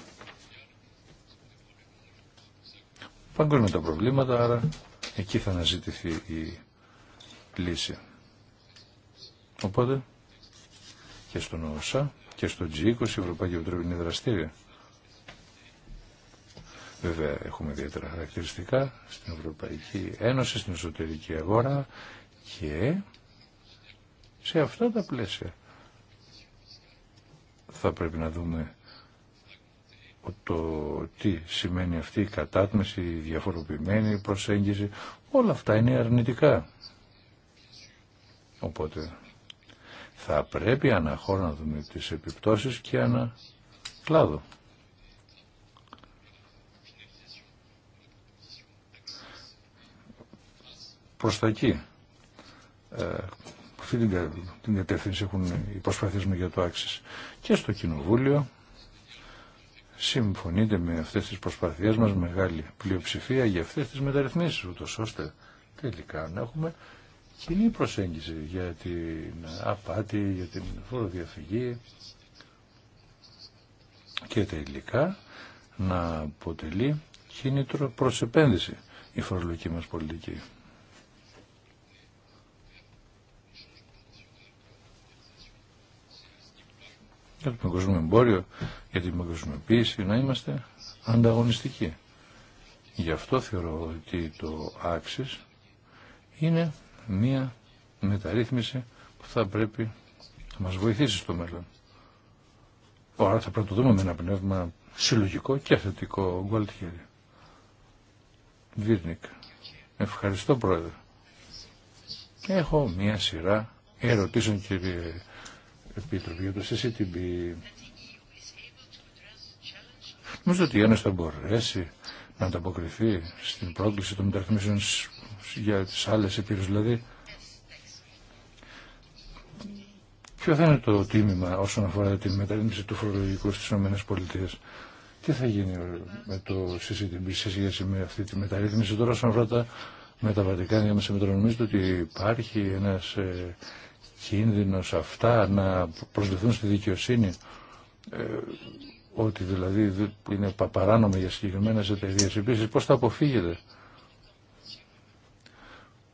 Παγκόσμια τα προβλήματα, άρα εκεί θα αναζητηθεί η λύση. Οπότε και στον ΟΣΑ και στο G20 η Ευρωπαϊκή Επιτροπή είναι δραστήρια. Βέβαια έχουμε ιδιαίτερα χαρακτηριστικά στην Ευρωπαϊκή Ένωση, στην εσωτερική αγορά και σε αυτά τα πλαίσια θα πρέπει να δούμε το τι σημαίνει αυτή η κατάτμιση, η διαφοροποιημένη προσέγγιση. Όλα αυτά είναι αρνητικά. Οπότε θα πρέπει αναχώρα να δούμε τις επιπτώσεις και ένα κλάδο. Προς τα εκεί. Ε, αυτή την, την κατεύθυνση έχουν οι προσπαθείς μου για το άξις. Και στο Κοινοβούλιο συμφωνείτε με αυτές τις προσπαθίες μας μεγάλη πλειοψηφία για αυτές τις μεταρρυθμίσεις, ούτως ώστε τελικά να έχουμε κοινή προσέγγιση για την απάτη, για την φοροδιαφυγή και τα να αποτελεί κίνητρο προς επένδυση η φορολογική μας πολιτική. Για το παγκόσμιο εμπόριο, για την παγκοσμιοποίηση, να είμαστε ανταγωνιστικοί. Γι' αυτό θεωρώ ότι το άξις είναι μία μεταρρύθμιση που θα πρέπει να μας βοηθήσει στο μέλλον. Άρα θα πρέπει να το δούμε με ένα πνεύμα συλλογικό και αθετικό Βίρνικ. Ευχαριστώ πρόεδρε. Έχω μία σειρά ερωτήσεων κύριε Επίτροπη για το CCTV. Νομίζω ότι Άννα θα μπορέσει να ανταποκριθεί στην πρόκληση των μεταρρυθμίσεων για τις άλλες επίρρες δηλαδή. Ποιο θα είναι το τίμημα όσον αφορά τη μεταρρύθμιση του φορολογικού στις ΗΠΑ. Τι θα γίνει με το CCTV σε σχέση με αυτή τη μεταρρύθμιση τώρα όσον αφορά τα μεταβατικά διάμεσα μετρονομίζετε ότι υπάρχει ένας ε, κίνδυνος αυτά να προσδεθούν στη δικαιοσύνη. Ε, ότι δηλαδή είναι παράνομο για συγκεκριμένε εταιρείε. Επίση, πώς θα αποφύγετε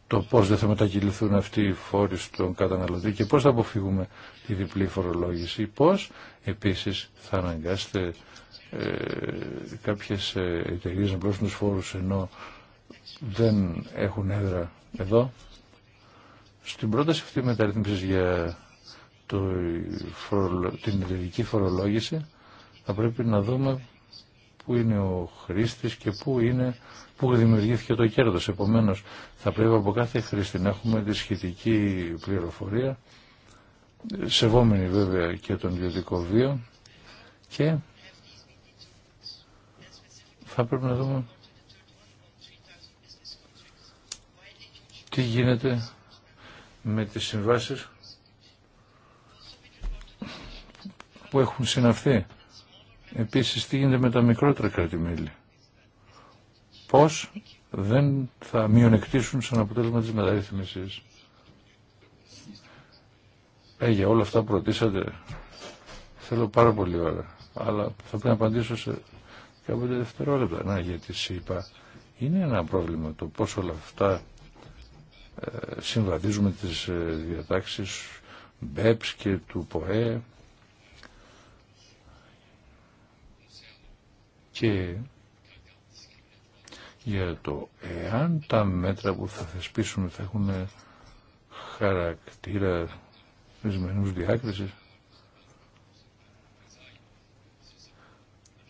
το πώς δεν θα μετακυληθούν αυτοί οι φόροι στον καταναλωτή και πώς θα αποφύγουμε τη διπλή φορολόγηση. Πώς επίσης θα αναγκάσετε ε, κάποιες ε, εταιρείε να πληρώσουν του φόρους ενώ δεν έχουν έδρα εδώ. Στην πρόταση αυτή μεταρρύθμιση για το, την εταιρική φορολόγηση θα πρέπει να δούμε πού είναι ο χρήστης και πού είναι πού δημιουργήθηκε το κέρδος. Επομένως, θα πρέπει από κάθε χρήστη να έχουμε τη σχετική πληροφορία, σεβόμενη βέβαια και τον ιδιωτικό βίο και θα πρέπει να δούμε τι γίνεται με τις συμβάσεις που έχουν συναυθεί Επίσης, τι γίνεται με τα μικρότερα κρατημέλη. Πώς δεν θα μειονεκτήσουν σαν αποτέλεσμα της μεταρρύθμισης. Ε, για όλα αυτά που ρωτήσατε, θέλω πάρα πολύ ώρα. Αλλά θα πρέπει να απαντήσω σε κάποια δευτερόλεπτα. Να, γιατί είπα, είναι ένα πρόβλημα το πώς όλα αυτά ε, συμβαδίζουμε τις ε, διατάξεις BEPS ε και του ΠΟΕ και για το εάν τα μέτρα που θα θεσπίσουν θα έχουν χαρακτήρα δεσμενούς διάκρισης.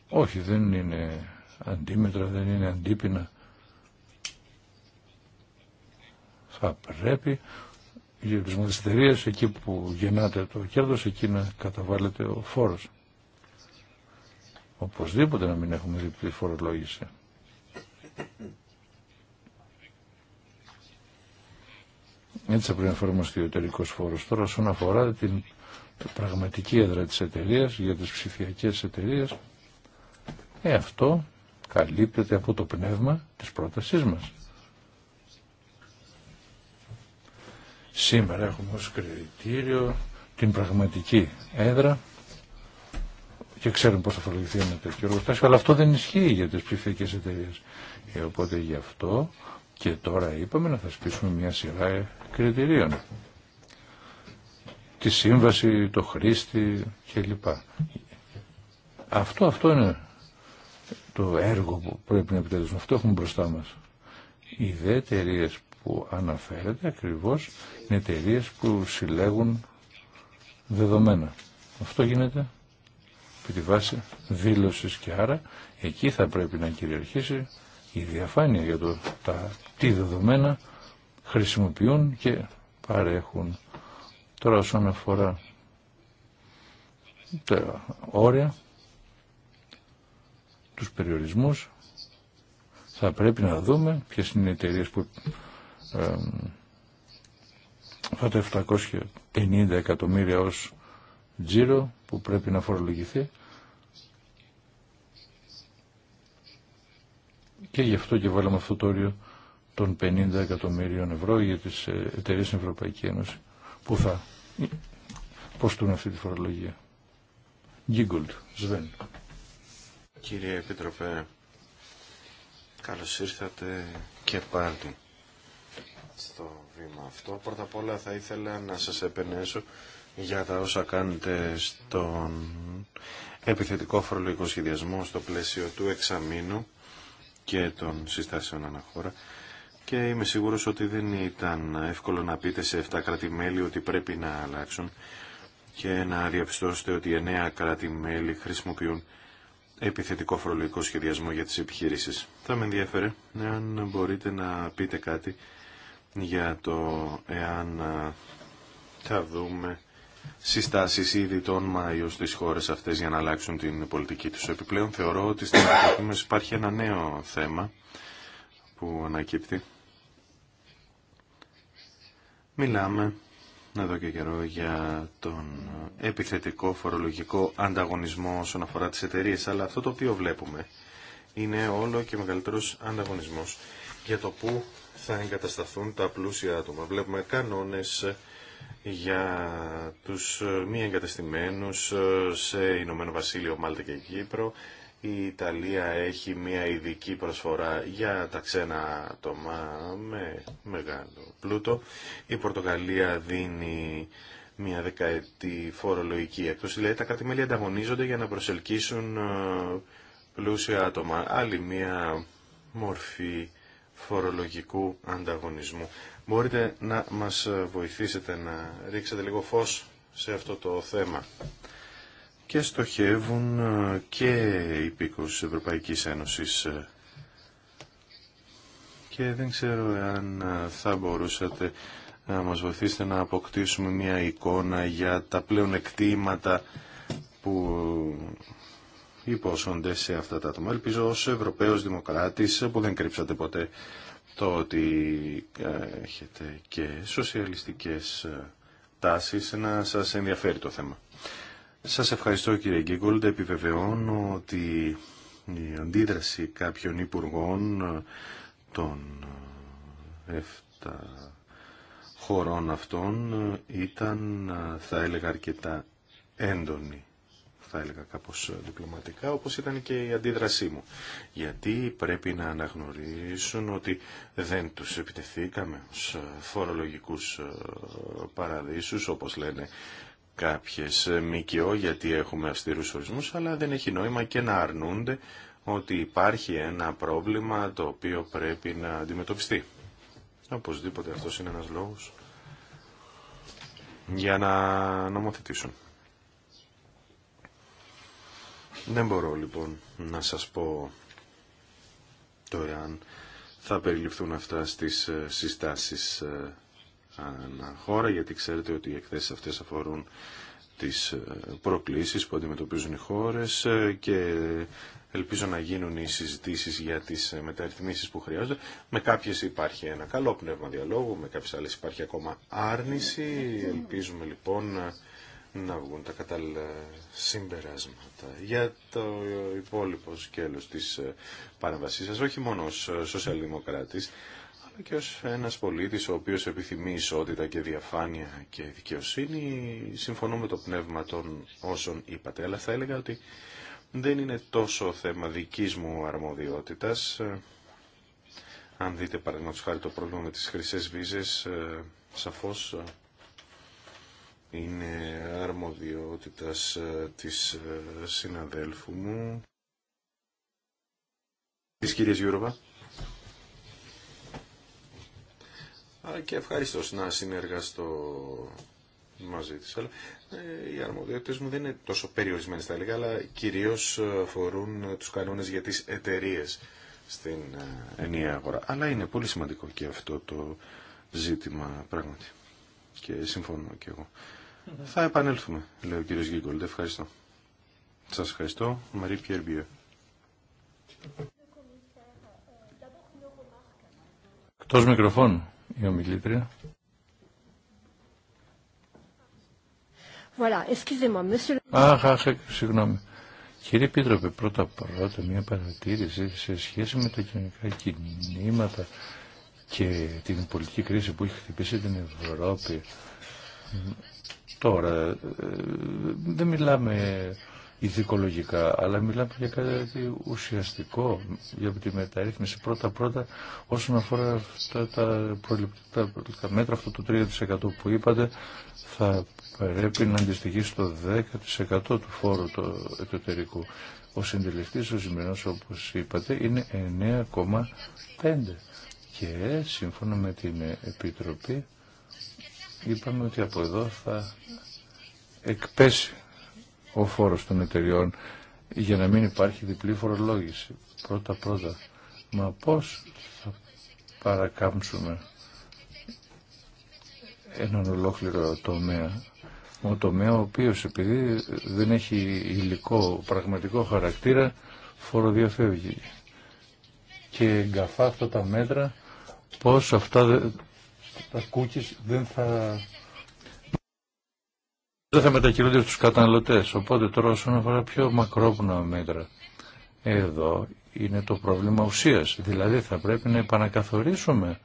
Όχι, δεν είναι αντίμετρα, δεν είναι αντίπεινα. Θα πρέπει για τις εταιρείε εκεί που γεννάται το κέρδος, εκεί να καταβάλλεται ο φόρος. Οπωσδήποτε να μην έχουμε διπλή φορολόγηση. Έτσι θα πρέπει να εφαρμοστεί ο εταιρικό φόρο. Τώρα, όσον αφορά την πραγματική έδρα τη εταιρεία για τι ψηφιακέ εταιρείε, ε, αυτό καλύπτεται από το πνεύμα της πρότασή μα. Σήμερα έχουμε ως κριτήριο την πραγματική έδρα και ξέρουν πώς θα φορολογηθεί ένα τέτοιο εργοστάσιο, αλλά αυτό δεν ισχύει για τις ψηφιακές εταιρείες. Ε, οπότε γι' αυτό και τώρα είπαμε να θα σπίσουμε μια σειρά κριτηρίων. Τη σύμβαση, το χρήστη κλπ. Αυτό, αυτό είναι το έργο που πρέπει να επιτελέσουμε. Αυτό έχουμε μπροστά μας. Οι δε εταιρείε που αναφέρεται ακριβώς είναι εταιρείε που συλλέγουν δεδομένα. Αυτό γίνεται επί τη βάση και άρα εκεί θα πρέπει να κυριαρχήσει η διαφάνεια για το τα, τι δεδομένα χρησιμοποιούν και παρέχουν. Τώρα όσον αφορά τα όρια, τους περιορισμούς, θα πρέπει να δούμε ποιες είναι οι εταιρείε που ε, θα τα 750 εκατομμύρια ως τζίρο που πρέπει να φορολογηθεί και γι' αυτό και βάλαμε αυτό το όριο των 50 εκατομμύριων ευρώ για τις ε, εταιρείες στην Ευρωπαϊκή Ένωση που θα ποστούν αυτή τη φορολογία. Γκίγκολτ, Σβέν. Κύριε Επίτροπε, καλώς ήρθατε και πάλι στο βήμα αυτό. Πρώτα απ' όλα θα ήθελα να σας επενέσω για τα όσα κάνετε στον επιθετικό φορολογικό σχεδιασμό στο πλαίσιο του εξαμήνου και των συστάσεων αναχώρα. Και είμαι σίγουρος ότι δεν ήταν εύκολο να πείτε σε 7 κράτη-μέλη ότι πρέπει να αλλάξουν και να διαπιστώσετε ότι 9 κράτη-μέλη χρησιμοποιούν επιθετικό φορολογικό σχεδιασμό για τις επιχειρήσεις. Θα με ενδιαφέρε αν μπορείτε να πείτε κάτι για το εάν θα δούμε Συστάσει ήδη τον Μάιο στι χώρες αυτές για να αλλάξουν την πολιτική του Επιπλέον θεωρώ ότι στην Ευρωπαϊκή μα υπάρχει ένα νέο θέμα που ανακύπτει. Μιλάμε εδώ και καιρό για τον επιθετικό φορολογικό ανταγωνισμό όσον αφορά τις εταιρείε, αλλά αυτό το οποίο βλέπουμε είναι όλο και μεγαλύτερος ανταγωνισμός για το πού θα εγκατασταθούν τα πλούσια άτομα. Βλέπουμε κανόνες για τους ε, μη εγκατεστημένους ε, σε Ηνωμένο Βασίλειο, Μάλτα και Κύπρο. Η Ιταλία έχει μια ειδική προσφορά για τα ξένα άτομα με μεγάλο πλούτο. Η Πορτογαλία δίνει μια δεκαετή φορολογική έκπτωση. Δηλαδή τα κρατημέλη ανταγωνίζονται για να προσελκύσουν ε, πλούσια άτομα. Άλλη μια μορφή φορολογικού ανταγωνισμού μπορείτε να μας βοηθήσετε να ρίξετε λίγο φως σε αυτό το θέμα. Και στοχεύουν ε, και οι πίκους Ευρωπαϊκής Ένωσης ε, και δεν ξέρω αν ε, θα μπορούσατε να μας βοηθήσετε να αποκτήσουμε μια εικόνα για τα πλέον εκτίματα που υπόσχονται σε αυτά τα άτομα. Ελπίζω ως Ευρωπαίος Δημοκράτης που δεν κρύψατε ποτέ ότι ε, έχετε και σοσιαλιστικές ε, τάσεις να σας ενδιαφέρει το θέμα. Σας ευχαριστώ κύριε Γκίγκολντ. Επιβεβαιώνω ότι η αντίδραση κάποιων υπουργών ε, των ΕΦΤΑ χωρών αυτών ήταν, θα έλεγα, αρκετά έντονη θα έλεγα κάπως διπλωματικά, όπως ήταν και η αντίδρασή μου. Γιατί πρέπει να αναγνωρίσουν ότι δεν τους επιτεθήκαμε ως φορολογικούς ε, παραδείσους, όπως λένε κάποιες ΜΚΟ, γιατί έχουμε αυστηρούς ορισμούς, αλλά δεν έχει νόημα και να αρνούνται ότι υπάρχει ένα πρόβλημα το οποίο πρέπει να αντιμετωπιστεί. Οπωσδήποτε αυτός είναι ένας λόγος για να νομοθετήσουν. Δεν μπορώ λοιπόν να σας πω το εάν θα περιληφθούν αυτά στις ε, συστάσεις ε, ανά χώρα, γιατί ξέρετε ότι οι εκθέσεις αυτές αφορούν τις ε, προκλήσεις που αντιμετωπίζουν οι χώρες και ελπίζω να γίνουν οι συζητήσεις για τις μεταρρυθμίσεις που χρειάζονται. Με κάποιες υπάρχει ένα καλό πνεύμα διαλόγου, με κάποιες άλλες υπάρχει ακόμα άρνηση. Ελπίζουμε λοιπόν να βγουν τα κατάλληλα συμπεράσματα. Για το υπόλοιπο σκέλος της ε, παραβασής σας, όχι μόνο ως ε, σοσιαλδημοκράτης, αλλά και ως ένας πολίτης ο οποίος επιθυμεί ισότητα και διαφάνεια και δικαιοσύνη, συμφωνώ με το πνεύμα των όσων είπατε, αλλά θα έλεγα ότι δεν είναι τόσο θέμα δικής μου αρμοδιότητας. Ε, αν δείτε παραδείγματος χάρη το πρόβλημα με τις χρυσές βίζες, σαφώς είναι αρμοδιότητας ε, της ε, συναδέλφου μου, της κυρίας Γιούροβα. Και ευχαριστώ να συνεργαστώ μαζί της. Αλλά ε, οι αρμοδιότητες μου δεν είναι τόσο περιορισμένες θα έλεγα, αλλά κυρίως αφορούν τους κανόνες για τις εταιρείε στην ενιαία αγορά. Αλλά είναι πολύ σημαντικό και αυτό το ζήτημα πράγματι. Και συμφωνώ και εγώ. Θα επανέλθουμε, λέει ο κύριος Γκίγκολντ. Ευχαριστώ. Σας ευχαριστώ. Μαρή Πιερμπιέ. Εκτός μικροφώνου η ομιλήτρια. Αχ, συγγνώμη. Κύριε Πίτροπε, πρώτα πρώτα μια παρατήρηση σε σχέση με τα κοινωνικά κινήματα και την πολιτική κρίση που έχει χτυπήσει την Ευρώπη. Τώρα, ε, δεν μιλάμε ειδικολογικά, αλλά μιλάμε για κάτι ουσιαστικό, για τη μεταρρύθμιση πρώτα-πρώτα όσον αφορά αυτά τα, τα μέτρα, αυτό το 3% που είπατε, θα πρέπει να αντιστοιχεί στο 10% του φόρου του εταιρικού. Ο συντελεστής ο ζημινός, όπως είπατε, είναι 9,5% και σύμφωνα με την Επιτροπή είπαμε ότι από εδώ θα εκπέσει ο φόρος των εταιριών για να μην υπάρχει διπλή φορολόγηση. Πρώτα πρώτα. Μα πώς θα παρακάμψουμε έναν ολόκληρο τομέα. Ο τομέα ο οποίος επειδή δεν έχει υλικό πραγματικό χαρακτήρα φοροδιαφεύγει. Και εγκαφά αυτά τα μέτρα πώς αυτά τα κούκκες δεν θα δεν θα μετακυλούνται στους καταναλωτές. Οπότε τώρα όσον αφορά πιο μακρόπνο μέτρα. Εδώ είναι το πρόβλημα ουσίας. Δηλαδή θα πρέπει να επανακαθορίσουμε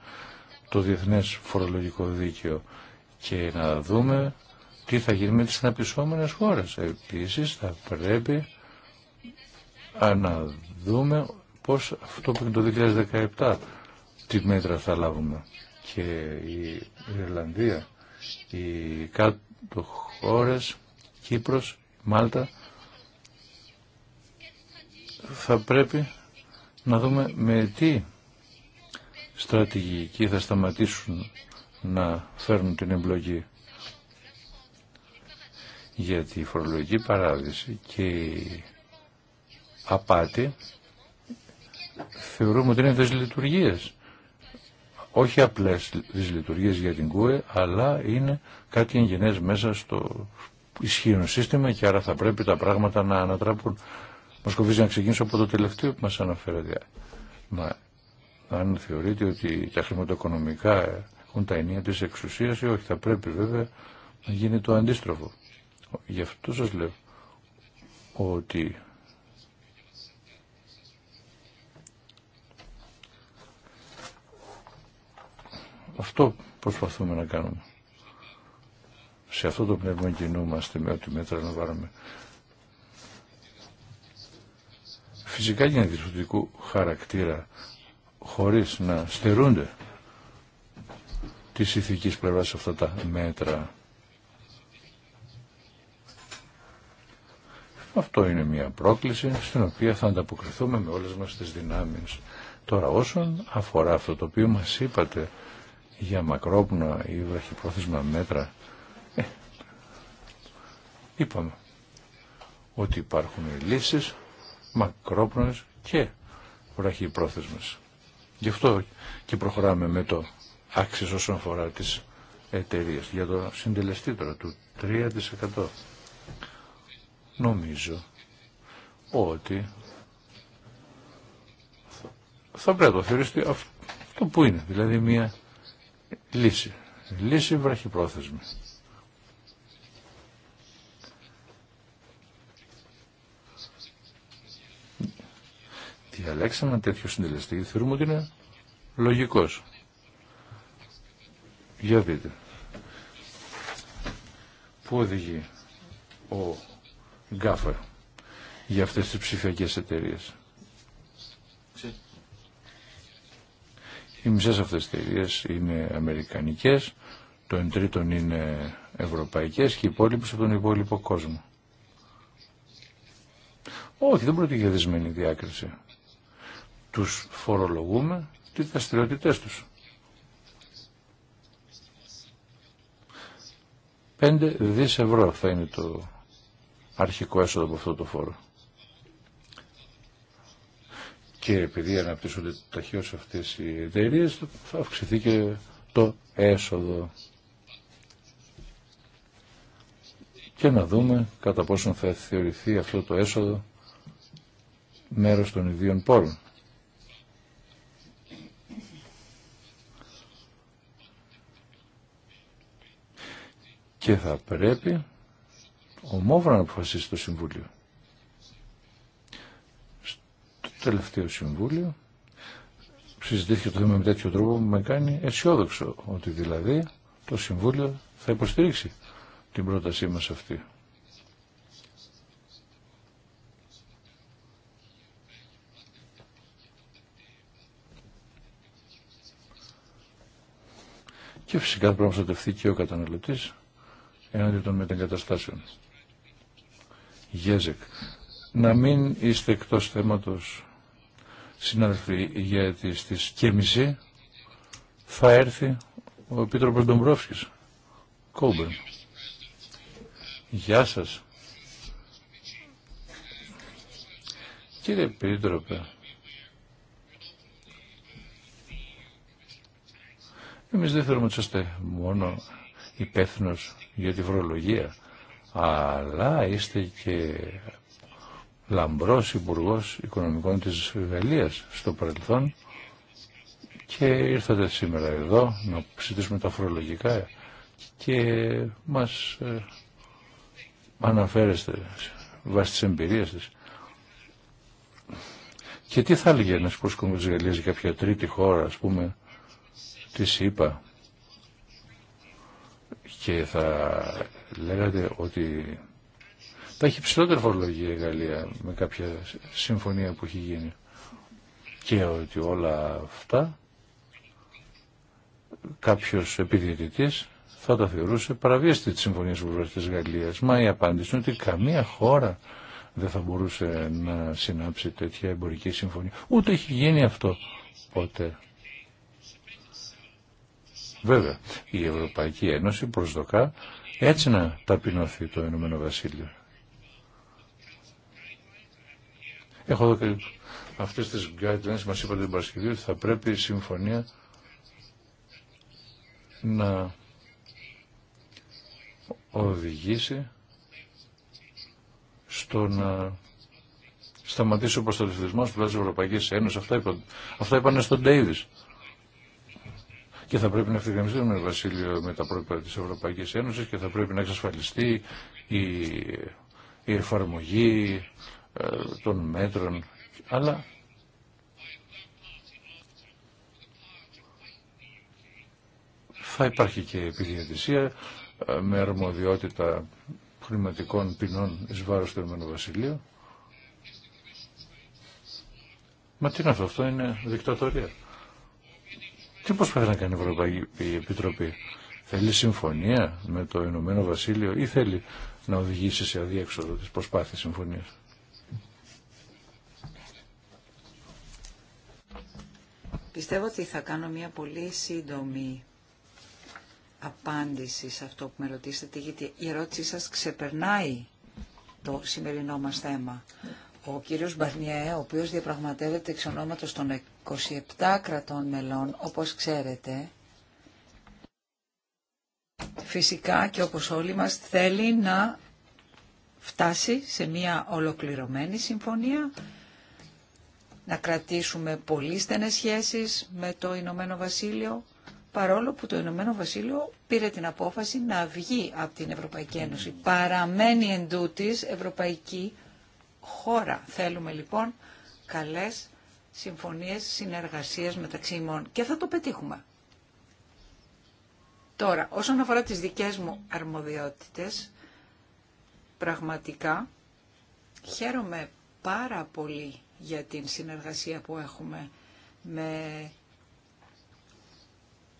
το διεθνές φορολογικό δίκαιο και να δούμε τι θα γίνει με τις αναπτυσσόμενες χώρες. Επίσης θα πρέπει να δούμε πώς αυτό που είναι το 2017 τι μέτρα θα λάβουμε και η Ιρλανδία, οι κάτω χώρες, Κύπρος, Μάλτα, θα πρέπει να δούμε με τι στρατηγική θα σταματήσουν να φέρνουν την εμπλοκή. Γιατί η φορολογική παράδειση και η απάτη θεωρούμε ότι είναι δεσλειτουργίες όχι απλές λειτουργίες για την ΚΟΕ, αλλά είναι κάτι εγγενές μέσα στο ισχύον σύστημα και άρα θα πρέπει τα πράγματα να ανατραπούν. κοβίζει να ξεκινήσω από το τελευταίο που μας αναφέρατε. Μα αν θεωρείτε ότι τα χρηματοοικονομικά έχουν τα ενία της εξουσίας ή όχι, θα πρέπει βέβαια να γίνει το αντίστροφο. Γι' αυτό σας λέω ότι Αυτό προσπαθούμε να κάνουμε. Σε αυτό το πνεύμα κινούμαστε με ό,τι μέτρα να βάλουμε. Φυσικά και είναι διευθυντικού χαρακτήρα χωρίς να στερούνται της ηθικής πλευράς αυτά τα μέτρα. Αυτό είναι μια πρόκληση στην οποία θα ανταποκριθούμε με όλες μας τις δυνάμεις. Τώρα όσον αφορά αυτό το οποίο μας είπατε για μακρόπνοα ή βραχυπρόθεσμα μέτρα. Ε, είπαμε ότι υπάρχουν λύσεις μακρόπνοες και βραχυπρόθεσμες. Γι' αυτό και προχωράμε με το άξιος όσον αφορά τις εταιρείε για το συντελεστή τώρα του 3%. Νομίζω ότι θα πρέπει να το θεωρήσετε αυτό που είναι, δηλαδή μια λύση. Λύση βραχυπρόθεσμη. Διαλέξαμε ένα τέτοιο συντελεστή. Θεωρούμε ότι είναι λογικός. Για δείτε. Πού οδηγεί ο Γκάφερ για αυτές τις ψηφιακές εταιρείες. Οι μισές αυτές τις εταιρείε είναι αμερικανικές, το εν τρίτον είναι ευρωπαϊκές και οι υπόλοιπες από τον υπόλοιπο κόσμο. Όχι, δεν πρόκειται για δεσμένη διάκριση. Τους φορολογούμε τις δραστηριότητε τους. Πέντε δις ευρώ θα είναι το αρχικό έσοδο από αυτό το φόρο. Και επειδή αναπτύσσονται ταχύως αυτές οι εταιρείε, θα αυξηθεί και το έσοδο. Και να δούμε κατά πόσον θα θεωρηθεί αυτό το έσοδο μέρος των ιδίων πόρων. Και θα πρέπει ομόφωνα να αποφασίσει το Συμβούλιο. τελευταίο συμβούλιο συζητήθηκε το θέμα με τέτοιο τρόπο που με κάνει αισιόδοξο ότι δηλαδή το Συμβούλιο θα υποστηρίξει την πρότασή μας αυτή. Και φυσικά θα προστατευτεί και ο καταναλωτής έναντι των μετεγκαταστάσεων. Γέζεκ. Να μην είστε εκτός θέματος συνάδελφοι, γιατί τη και θα έρθει ο Επίτροπος Ντομπρόφσκης, Κόμπεν. Γεια σας. Κύριε Επίτροπε, εμείς δεν θέλουμε ότι είστε μόνο υπεύθυνο για τη βρολογία, αλλά είστε και λαμπρός υπουργό οικονομικών της Γαλλίας στο παρελθόν και ήρθατε σήμερα εδώ να συζητήσουμε τα φορολογικά και μας ε, αναφέρεστε βάσει της εμπειρία. της. Και τι θα έλεγε ένας υπουργός της Γαλλίας για κάποια τρίτη χώρα, ας πούμε, τη είπα και θα λέγατε ότι θα έχει ψηλότερη φορολογία η Γαλλία με κάποια συμφωνία που έχει γίνει. Και ότι όλα αυτά κάποιος επιδιαιτητής θα τα θεωρούσε παραβίαστη τη συμφωνία βουλευτή της Γαλλίας. Μα η απάντηση είναι ότι καμία χώρα δεν θα μπορούσε να συνάψει τέτοια εμπορική συμφωνία. Ούτε έχει γίνει αυτό ποτέ. Βέβαια, η Ευρωπαϊκή Ένωση προσδοκά έτσι να ταπεινωθεί το Ηνωμένο Βασίλειο. Έχω εδώ και αυτές τις guidelines, μας είπατε την Παρασκευή, ότι θα πρέπει η συμφωνία να οδηγήσει στο να σταματήσει ο προστατευτισμό του πλάσου Ευρωπαϊκή Ένωση. Αυτά, είπα, αυτά είπαν στον Ντέιβι. Και θα πρέπει να ευθυγραμμιστεί με Βασίλειο με τα πρόεδρα τη Ευρωπαϊκή Ένωση και θα πρέπει να εξασφαλιστεί η εφαρμογή ε, των μέτρων, αλλά θα υπάρχει και επιδιατησία ε, με αρμοδιότητα χρηματικών ποινών εις βάρος του Εμένου Βασιλείου. Μα τι είναι αυτό, αυτό είναι δικτατορία. Τι προσπαθεί να κάνει η Ευρωπαϊκή Επιτροπή. Θέλει συμφωνία με το Ηνωμένο Βασίλειο ή θέλει να οδηγήσει σε αδίέξοδο της προσπάθειας συμφωνίας. Πιστεύω ότι θα κάνω μια πολύ σύντομη απάντηση σε αυτό που με ρωτήσατε, γιατί η ερώτησή σας ξεπερνάει το σημερινό μας θέμα. Ο κύριος Μπαρνιέ, ο οποίος διαπραγματεύεται εξ ονόματος των 27 κρατών μελών, όπως ξέρετε, φυσικά και όπως όλοι μας θέλει να φτάσει σε μια ολοκληρωμένη συμφωνία να κρατήσουμε πολύ στενές σχέσεις με το Ηνωμένο Βασίλειο, παρόλο που το Ηνωμένο Βασίλειο πήρε την απόφαση να βγει από την Ευρωπαϊκή Ένωση. Παραμένει εν ευρωπαϊκή χώρα. Θέλουμε λοιπόν καλές συμφωνίες συνεργασίες μεταξύ ημών και θα το πετύχουμε. Τώρα, όσον αφορά τις δικές μου αρμοδιότητες, πραγματικά χαίρομαι πάρα πολύ για την συνεργασία που έχουμε με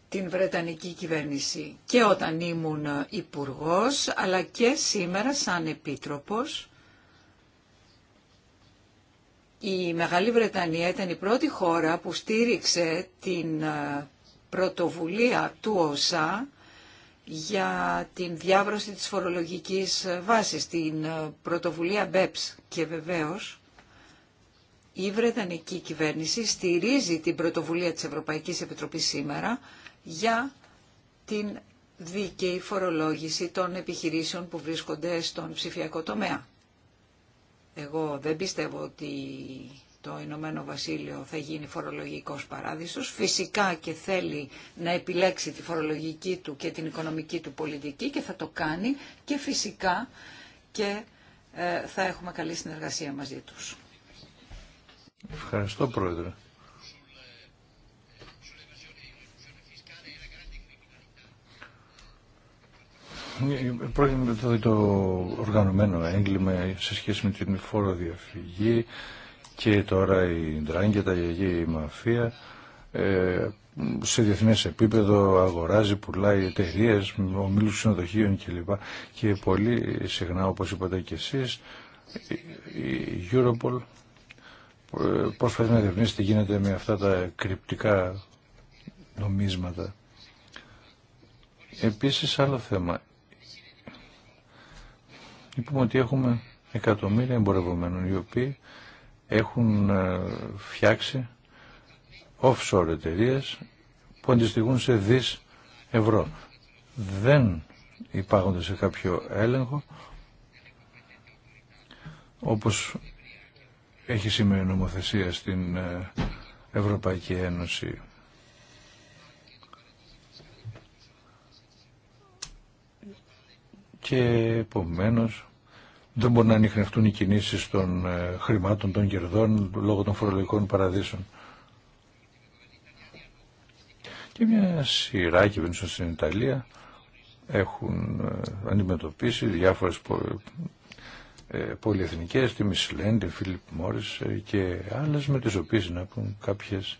την Βρετανική κυβέρνηση και όταν ήμουν υπουργό, αλλά και σήμερα σαν επίτροπος. Η Μεγάλη Βρετανία ήταν η πρώτη χώρα που στήριξε την ε, πρωτοβουλία του ΟΣΑ για την διάβρωση της φορολογικής βάσης, την ε, πρωτοβουλία BEPS και βεβαίως η Βρετανική κυβέρνηση στηρίζει την πρωτοβουλία της Ευρωπαϊκής Επιτροπής σήμερα για την δίκαιη φορολόγηση των επιχειρήσεων που βρίσκονται στον ψηφιακό τομέα. Εγώ δεν πιστεύω ότι το Ηνωμένο Βασίλειο θα γίνει φορολογικός παράδεισος. Φυσικά και θέλει να επιλέξει τη φορολογική του και την οικονομική του πολιτική και θα το κάνει και φυσικά και ε, θα έχουμε καλή συνεργασία μαζί τους. Ευχαριστώ Πρόεδρε. Πρόκειται το, το οργανωμένο έγκλημα σε σχέση με την φοροδιαφυγή και τώρα η ντράγκετα, η αγία, η μαφία ε, σε διεθνές επίπεδο αγοράζει, πουλάει εταιρείε, ομίλους συνοδοχείων κλπ. Και πολύ συχνά όπως είπατε και εσείς η Europol προσπαθεί να διευνήσει τι γίνεται με αυτά τα κρυπτικά νομίσματα. Επίσης άλλο θέμα. Είπαμε ότι έχουμε εκατομμύρια εμπορευομένων οι οποίοι έχουν ε, φτιάξει offshore εταιρείε που αντιστοιχούν σε δις ευρώ. Δεν υπάρχονται σε κάποιο έλεγχο όπως έχει σήμερα νομοθεσία στην ε, Ευρωπαϊκή Ένωση. Και επομένω, δεν μπορούν να ανοιχνευτούν οι κινήσεις των ε, χρημάτων, των κερδών λόγω των φορολογικών παραδείσων. Και μια σειρά κυβερνήσεων στην Ιταλία έχουν ε, αντιμετωπίσει διάφορες ε, πολυεθνικές, τη Μισλέν, τη Φίλιπ Μόρις ε, και άλλες με τις οποίες να έχουν κάποιες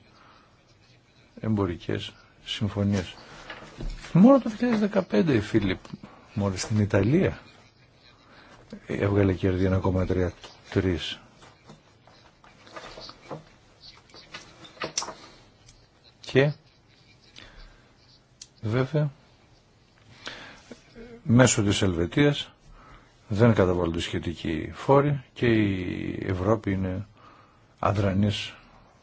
εμπορικές συμφωνίες. Μόνο το 2015 η Φίλιπ Μόρις στην Ιταλία έβγαλε κέρδη 1,33. Και βέβαια μέσω της Ελβετίας δεν καταβάλλονται σχετικοί φόροι και η Ευρώπη είναι αδρανής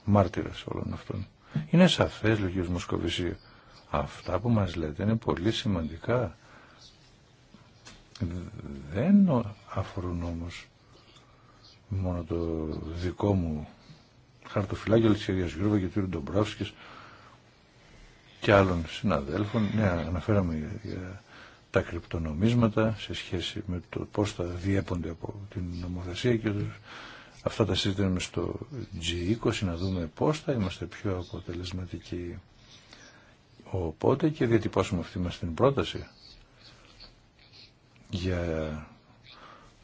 μάρτυρας όλων αυτών. Είναι σαφές, λέει ο Αυτά που μας λέτε είναι πολύ σημαντικά. Δεν αφορούν όμως μόνο το δικό μου χαρτοφυλάκιο της κυρίας Γιώργου και του Ντομπρόφσκης και άλλων συναδέλφων. Ναι, αναφέραμε για τα κρυπτονομίσματα σε σχέση με το πώς θα διέπονται από την νομοθεσία και αυτά τα σύστημα στο G20 να δούμε πώς θα είμαστε πιο αποτελεσματικοί. Οπότε και διατυπώσουμε αυτή μας την πρόταση για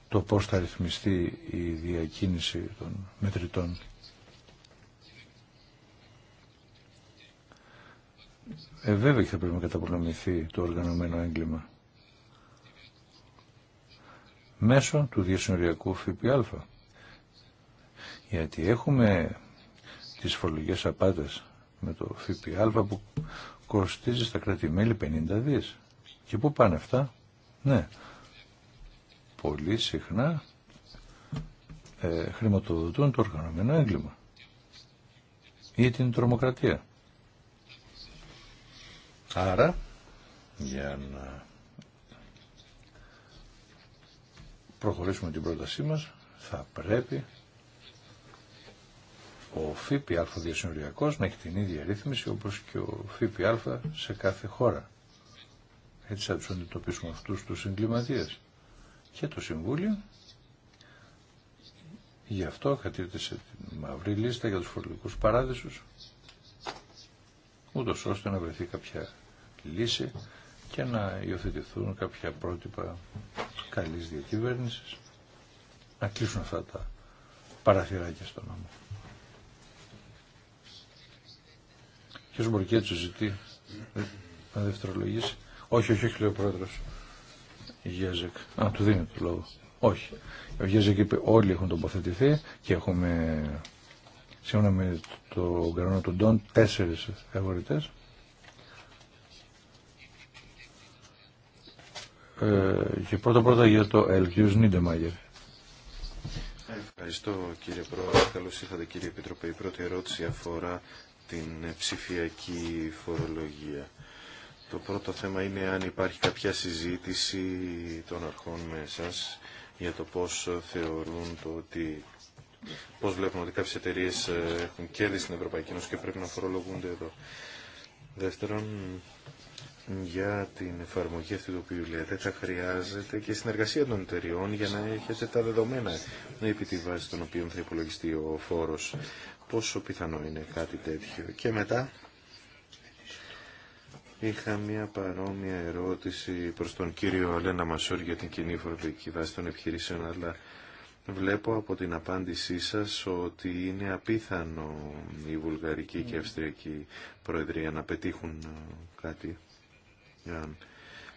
το πώς θα ρυθμιστεί η διακίνηση των μετρητών. Ε, βέβαια και θα πρέπει να καταπολεμηθεί το οργανωμένο έγκλημα μέσω του διασυνοριακού ΦΠΑ. Γιατί έχουμε τις φορολογικές απάτες με το ΦΠΑ που κοστίζει στα κρατημέλη 50 δις. Και πού πάνε αυτά. Ναι. Πολύ συχνά ε, χρηματοδοτούν το οργανωμένο έγκλημα ή την τρομοκρατία. Άρα, για να προχωρήσουμε την πρότασή μας, θα πρέπει ο ΦΠΑ διασυνοριακός να έχει την ίδια ρύθμιση όπως και ο ΦΠΑ σε κάθε χώρα. Έτσι θα τους αντιμετωπίσουμε αυτού τους εγκληματίες. Και το Συμβούλιο γι' αυτό κατήρτισε την μαύρη λίστα για τους φορολογικούς παράδεισους ούτως ώστε να βρεθεί κάποια λύση και να υιοθετηθούν κάποια πρότυπα καλής διακυβέρνησης να κλείσουν αυτά τα παραθυράκια στον νόμο. Ποιος μπορεί και έτσι ζητεί να δευτερολογήσει. Όχι, όχι, όχι, λέει ο πρόεδρος. Γιέζεκ. Α, του δίνει το λόγο. Όχι. Ο Γιέζεκ είπε όλοι έχουν τοποθετηθεί και έχουμε σύμφωνα με το κανόνα του Ντόν τέσσερις αγορητές. Ε, και πρώτα πρώτα για το ΕΛΚ, Νίντεμάγερ. Ευχαριστώ κύριε Πρόεδρε, καλώς ήρθατε κύριε Επιτροπέ. Η πρώτη ερώτηση αφορά την ψηφιακή φορολογία. Το πρώτο θέμα είναι αν υπάρχει κάποια συζήτηση των αρχών μέσα για το πώς θεωρούν το ότι πώς βλέπουν ότι κάποιες εταιρείε ε, έχουν κέρδη στην Ευρωπαϊκή Ένωση και πρέπει να φορολογούνται εδώ. Δεύτερον, για την εφαρμογή αυτή του οποίου λέτε θα χρειάζεται και συνεργασία των εταιριών για να έχετε τα δεδομένα επί τη βάση των οποίων θα υπολογιστεί ο φόρος. Πόσο πιθανό είναι κάτι τέτοιο. Και μετά είχα μια παρόμοια ερώτηση προς τον κύριο Αλένα Μασόρ για την κοινή φορολογική βάση των επιχειρήσεων, αλλά Βλέπω από την απάντησή σας ότι είναι απίθανο η Βουλγαρική και η Αυστριακή Προεδρία να πετύχουν ε, κάτι αν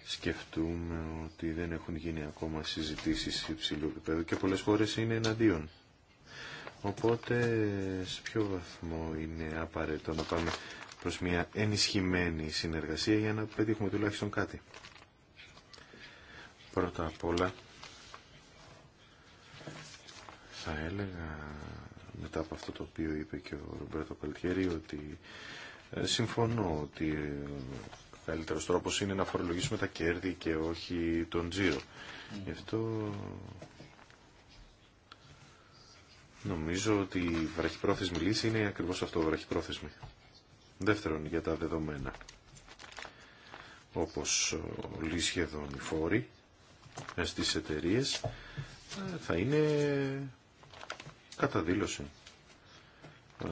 σκεφτούμε ότι δεν έχουν γίνει ακόμα συζητήσεις υψηλού επίπεδου και πολλές χώρες είναι εναντίον. Οπότε σε ποιο βαθμό είναι απαραίτητο να πάμε προς μια ενισχυμένη συνεργασία για να πετύχουμε τουλάχιστον κάτι. Πρώτα απ' όλα θα έλεγα μετά από αυτό το οποίο είπε και ο Ρομπέρτο Παλτιέρη ότι ε, συμφωνώ ότι ε, καλύτερο τρόπο είναι να φορολογήσουμε τα κέρδη και όχι τον τζίρο. Γι' αυτό νομίζω ότι η βραχυπρόθεσμη λύση είναι ακριβώ αυτό, βραχυπρόθεσμη. Δεύτερον, για τα δεδομένα. Όπω όλοι σχεδόν οι φόροι στι εταιρείε θα είναι κατά δήλωση ε,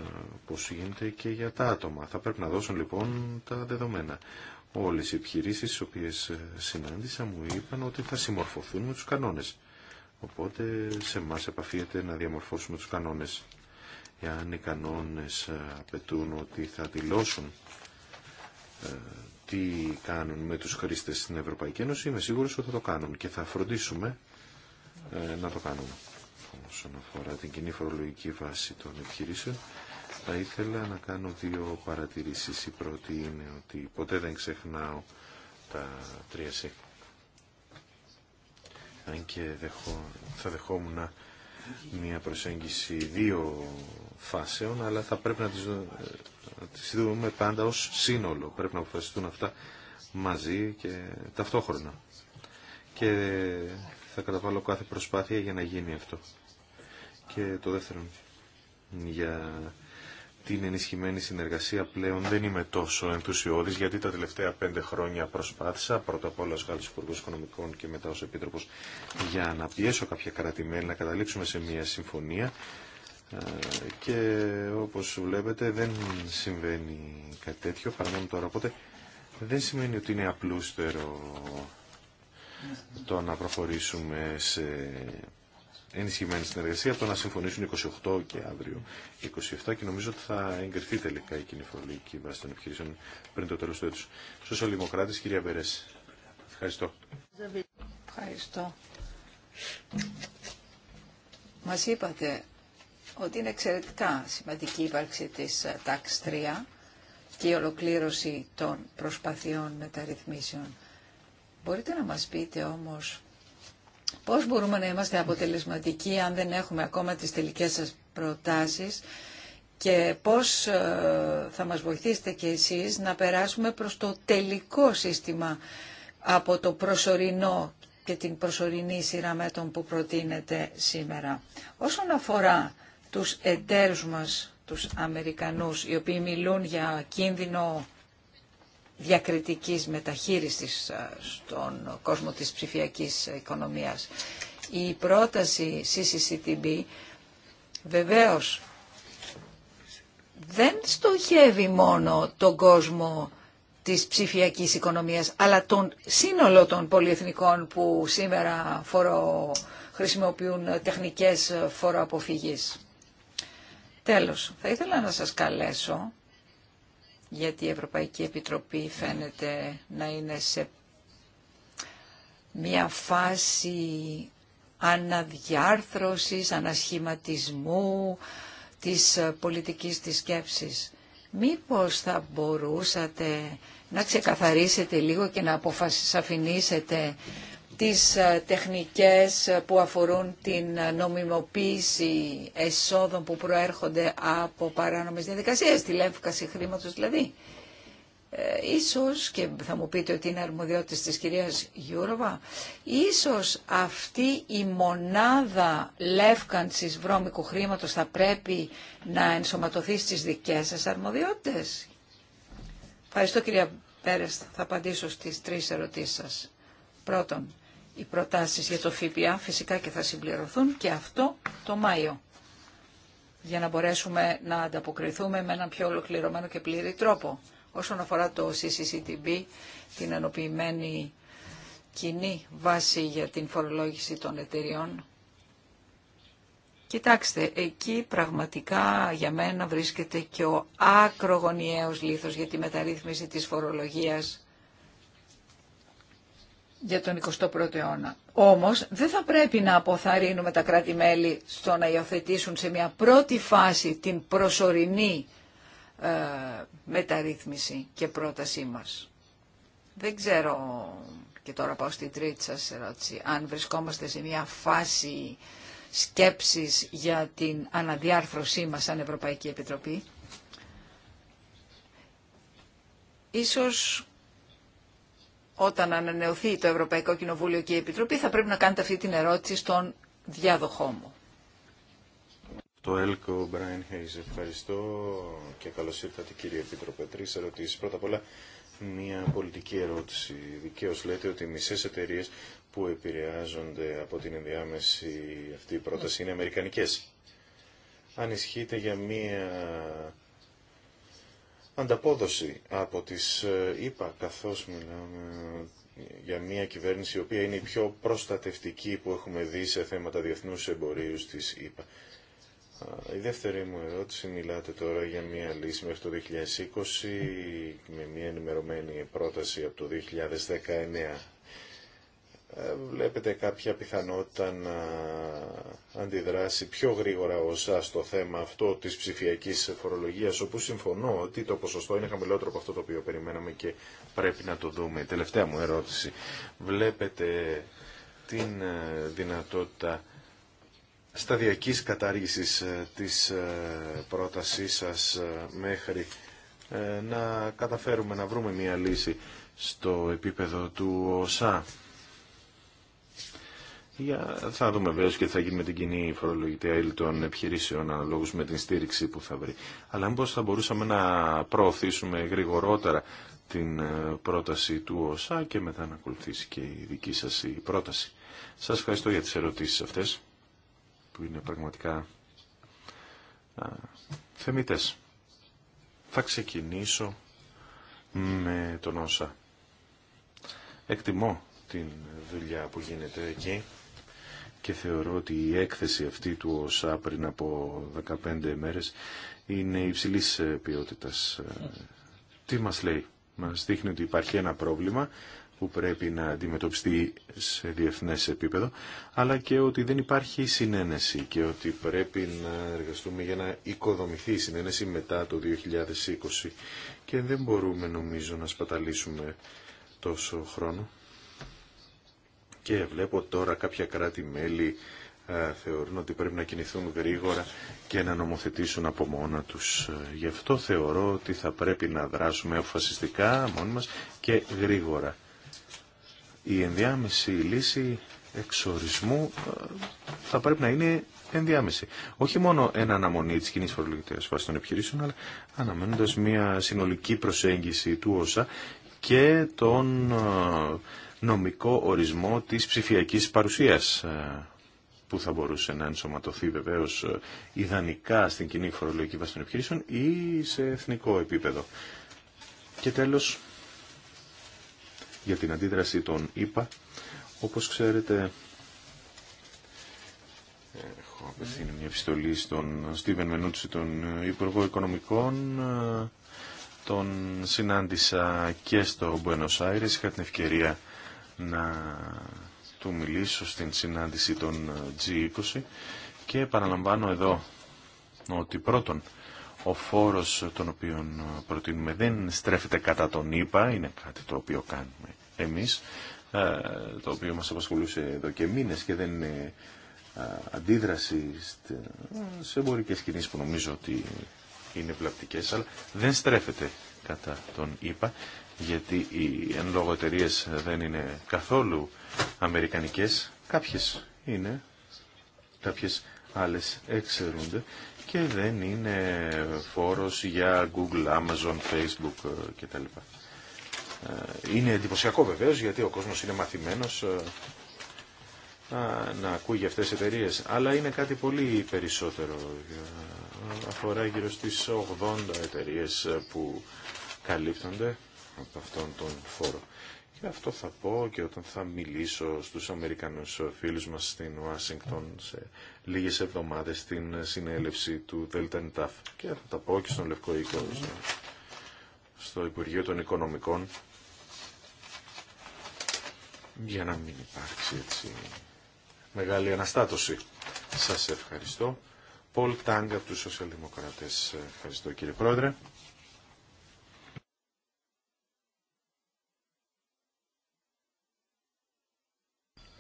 πως γίνεται και για τα άτομα. Θα πρέπει να δώσουν λοιπόν τα δεδομένα. Όλες οι επιχειρήσεις τις οποίες ε, συνάντησα μου είπαν ότι θα συμμορφωθούν με τους κανόνες. Οπότε σε εμά επαφίεται να διαμορφώσουμε τους κανόνες. Εάν οι κανόνες ε, απαιτούν ότι θα δηλώσουν ε, τι κάνουν με τους χρήστες στην Ευρωπαϊκή Ένωση, είμαι σίγουρος ότι θα το κάνουν και θα φροντίσουμε να το κάνουμε. Όσον αφορά την κοινή φορολογική βάση των επιχειρήσεων, θα ήθελα να κάνω δύο παρατηρήσεις. Η πρώτη είναι ότι ποτέ δεν ξεχνάω τα τρία σε. Αν και θα δεχόμουν μια προσέγγιση δύο φάσεων, αλλά θα πρέπει να τις, να τις δούμε πάντα ως σύνολο. Πρέπει να αποφασιστούν αυτά μαζί και ταυτόχρονα. Και θα καταβάλω κάθε προσπάθεια για να γίνει αυτό. Και το δεύτερο, για την ενισχυμένη συνεργασία πλέον δεν είμαι τόσο ενθουσιώδης γιατί τα τελευταία πέντε χρόνια προσπάθησα πρώτα απ' όλα ως Γάλλος Υπουργός Οικονομικών και μετά ως Επίτροπος για να πιέσω κάποια κρατημένη να καταλήξουμε σε μια συμφωνία ε, και όπως βλέπετε δεν συμβαίνει κάτι τέτοιο παρά μόνο τώρα οπότε δεν σημαίνει ότι είναι απλούστερο το να προχωρήσουμε σε ενισχυμένη συνεργασία, το να συμφωνήσουν 28 και αύριο 27 και νομίζω ότι θα εγκριθεί τελικά η κοινή φορολογική βάση των επιχειρήσεων πριν το τέλος του έτους. Σοσιαλδημοκράτης, κυρία Βερές. Ευχαριστώ. Ευχαριστώ. Μας είπατε ότι είναι εξαιρετικά σημαντική η ύπαρξη της ΤΑΚΣΤΡΙΑ 3 και η ολοκλήρωση των προσπαθειών μεταρρυθμίσεων. Μπορείτε να μας πείτε όμως Πώς μπορούμε να είμαστε αποτελεσματικοί αν δεν έχουμε ακόμα τις τελικές σας προτάσεις και πώς ε, θα μας βοηθήσετε και εσείς να περάσουμε προς το τελικό σύστημα από το προσωρινό και την προσωρινή σειρά μέτων που προτείνεται σήμερα. Όσον αφορά τους εταίρους μας, τους Αμερικανούς, οι οποίοι μιλούν για κίνδυνο διακριτικής μεταχείρισης ε, στον κόσμο της ψηφιακής οικονομίας. Η πρόταση CCCTB βεβαίως δεν στοχεύει μόνο τον κόσμο της ψηφιακής οικονομίας, αλλά τον σύνολο των πολυεθνικών που σήμερα φορο... χρησιμοποιούν τεχνικές φοροαποφυγής. Τέλος, θα ήθελα να σας καλέσω γιατί η Ευρωπαϊκή Επιτροπή φαίνεται να είναι σε μια φάση αναδιάρθρωσης, ανασχηματισμού της πολιτικής της σκέψης. Μήπως θα μπορούσατε να ξεκαθαρίσετε λίγο και να αποφασισαφηνίσετε τις ε, τεχνικές ε, που αφορούν την ε, νομιμοποίηση εσόδων που προέρχονται από παράνομες διαδικασίες, τη λεύκαση χρήματος δηλαδή. Ε, ίσως, και θα μου πείτε ότι είναι αρμοδιότητες της κυρίας Γιούροβα, ίσως αυτή η μονάδα λεύκανσης βρώμικου χρήματος θα πρέπει να ενσωματωθεί στις δικές σας αρμοδιότητες. Ευχαριστώ κυρία Πέρεστα. θα απαντήσω στις τρεις ερωτήσεις σας. Πρώτον, οι προτάσεις για το ΦΠΑ φυσικά και θα συμπληρωθούν και αυτό το Μάιο για να μπορέσουμε να ανταποκριθούμε με έναν πιο ολοκληρωμένο και πλήρη τρόπο. Όσον αφορά το CCCTB, την ενοποιημένη κοινή βάση για την φορολόγηση των εταιριών, Κοιτάξτε, εκεί πραγματικά για μένα βρίσκεται και ο ακρογωνιαίος λίθος για τη μεταρρύθμιση της φορολογίας για τον 21ο αιώνα. Όμως δεν θα πρέπει να αποθαρρύνουμε τα κράτη-μέλη στο να υιοθετήσουν σε μια πρώτη φάση την προσωρινή ε, μεταρρύθμιση και πρότασή μας. Δεν ξέρω, και τώρα πάω στην τρίτη σας ερώτηση, αν βρισκόμαστε σε μια φάση σκέψης για την αναδιάρθρωσή μας σαν Ευρωπαϊκή Επιτροπή. Ίσως όταν ανανεωθεί το Ευρωπαϊκό Κοινοβούλιο και η Επιτροπή, θα πρέπει να κάνετε αυτή την ερώτηση στον διάδοχό μου. Το ΕΛΚΟ, Μπράιν Χέιζ, ευχαριστώ και καλώς ήρθατε κύριε Επίτροπε. Τρεις ερωτήσει Πρώτα απ' όλα, μια πολιτική ερώτηση. Δικαίω λέτε ότι οι μισές εταιρείε που επηρεάζονται από την ενδιάμεση αυτή η πρόταση είναι αμερικανικές. Αν ισχύετε για μια ανταπόδοση από τις ΕΠΑ, καθώς μιλάμε ε, για μια κυβέρνηση η οποία είναι η πιο προστατευτική που έχουμε δει σε θέματα διεθνούς εμπορίου στις ΗΠΑ. Η δεύτερη μου ερώτηση, μιλάτε τώρα για μια λύση μέχρι το 2020 με μια ενημερωμένη πρόταση από το 2019 ε, βλέπετε κάποια πιθανότητα να αντιδράσει πιο γρήγορα ο ΣΑ στο θέμα αυτό της ψηφιακής φορολογίας, όπου συμφωνώ ότι το ποσοστό είναι χαμηλότερο από αυτό το οποίο περιμέναμε και πρέπει να το δούμε. Τελευταία μου ερώτηση. Βλέπετε την ε, δυνατότητα σταδιακής κατάργησης ε, της πρότασής σας μέχρι να καταφέρουμε να βρούμε μια λύση στο επίπεδο του ΟΣΑ θα δούμε βέβαια και θα γίνει με την κοινή φορολογική αίλη των επιχειρήσεων αναλόγω με την στήριξη που θα βρει. Αλλά μήπω θα μπορούσαμε να προωθήσουμε γρηγορότερα την ε, πρόταση του ΩΣΑ και μετά να ακολουθήσει και η δική σας η πρόταση. Σας ευχαριστώ για τις ερωτήσεις αυτές που είναι πραγματικά θεμητές. Θα ξεκινήσω με τον ΩΣΑ. Εκτιμώ την δουλειά που γίνεται εκεί και θεωρώ ότι η έκθεση αυτή του ΩΣΑ πριν από 15 μέρες είναι υψηλής ε, ποιότητας. Ε, τι μας λέει. Μας δείχνει ότι υπάρχει ένα πρόβλημα που πρέπει να αντιμετωπιστεί σε διεθνές επίπεδο, αλλά και ότι δεν υπάρχει συνένεση και ότι πρέπει να εργαστούμε για να οικοδομηθεί η συνένεση μετά το 2020 και δεν μπορούμε νομίζω να σπαταλήσουμε τόσο χρόνο. Και βλέπω τώρα κάποια κράτη-μέλη ε, θεωρούν ότι πρέπει να κινηθούν γρήγορα και να νομοθετήσουν από μόνα τους. Ε, γι' αυτό θεωρώ ότι θα πρέπει να δράσουμε αποφασιστικά μόνοι μας και γρήγορα. Η ενδιάμεση λύση εξορισμού ε, θα πρέπει να είναι ενδιάμεση. Όχι μόνο ένα αναμονή τη κοινή φορολογική βάσης των επιχειρήσεων, αλλά αναμένοντας μια συνολική προσέγγιση του ΩΣΑ και των νομικό ορισμό της ψηφιακής παρουσίας ε, που θα μπορούσε να ενσωματωθεί βεβαίω ε, ιδανικά στην κοινή φορολογική βάση των επιχειρήσεων ή σε εθνικό επίπεδο. Και τέλος, για την αντίδραση των ΙΠΑ, όπως ξέρετε, έχω απευθύνει μια επιστολή στον Στίβεν Μενούτσι, τον Υπουργό Οικονομικών, ε, τον συνάντησα και στο Μπουένος Άιρες, είχα την ευκαιρία να του μιλήσω στην συνάντηση των ε, G20 και παραλαμβάνω εδώ ότι πρώτον ο φόρος τον οποίο ε, προτείνουμε δεν στρέφεται κατά τον ΙΠΑ, είναι κάτι το οποίο κάνουμε εμείς, ε, το οποίο μας απασχολούσε εδώ και μήνες και δεν είναι αντίδραση σε εμπορικέ κινήσεις που νομίζω ότι είναι πλαπτικές, αλλά δεν στρέφεται κατά τον ΙΠΑ γιατί οι εν λόγω εταιρείε δεν είναι καθόλου αμερικανικές, κάποιες είναι, κάποιες άλλες εξαιρούνται και δεν είναι φόρος για Google, Amazon, Facebook ε, κτλ. Ε, είναι εντυπωσιακό βεβαίως γιατί ο κόσμος είναι μαθημένος ε, να ακούει για αυτές τις εταιρείε, αλλά είναι κάτι πολύ περισσότερο. Αφορά γύρω στις 80 εταιρείε που καλύπτονται από αυτόν τον φόρο. Και αυτό θα πω και όταν θα μιλήσω στους Αμερικανούς φίλους μας στην Ουάσιγκτον σε λίγες εβδομάδες στην συνέλευση του Δέλτα Και θα τα πω και στον Λευκό Οίκο, στο Υπουργείο των Οικονομικών, για να μην υπάρξει έτσι μεγάλη αναστάτωση. Σας ευχαριστώ. Πολ Τάγκ από τους Σοσιαλδημοκράτες. Ευχαριστώ κύριε Πρόεδρε.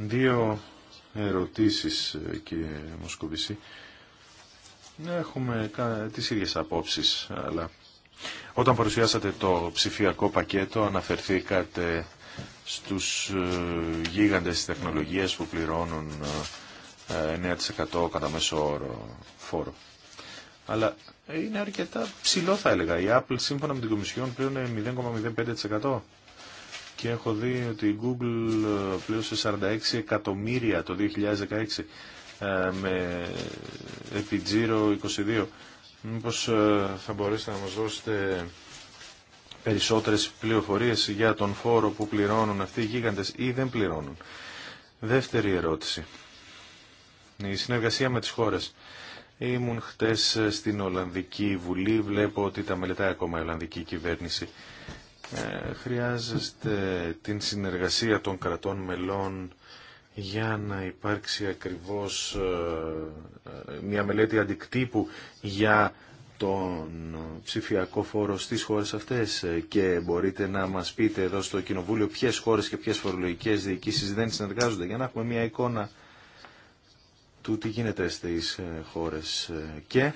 Δύο ερωτήσεις κύριε Μοσκοβισή. Έχουμε τις ίδιες απόψεις, αλλά όταν παρουσιάσατε το ψηφιακό πακέτο αναφερθήκατε στους ε, γίγαντες τεχνολογίες που πληρώνουν 9% ε, ε, κατά μέσο όρο φόρο. Αλλά είναι αρκετά ψηλό θα έλεγα. Η Apple σύμφωνα με την Κομισιόν πλέον 0,05% και έχω δει ότι η Google ε, πλήρωσε 46 εκατομμύρια το 2016 ε, με ε, επιτζήρο 22. Μήπως θα μπορέσετε να μας δώσετε περισσότερες πληροφορίες για τον φόρο που πληρώνουν αυτοί οι γίγαντες ή δεν πληρώνουν. Δεύτερη ερώτηση. Η συνεργασία με τις χώρες. Ήμουν χτες στην Ολλανδική Βουλή, βλέπω ότι τα μελετάει ακόμα η Ολλανδική κυβέρνηση. Ε, χρειάζεστε την συνεργασία των κρατών μελών για να υπάρξει ακριβώς ε, ε, μια μελέτη αντικτύπου για τον ψηφιακό φόρο στις χώρες αυτές και μπορείτε να μας πείτε εδώ στο Κοινοβούλιο ποιες χώρες και ποιες φορολογικές διοικήσεις δεν συνεργάζονται για να έχουμε μια εικόνα του τι γίνεται στις χώρες και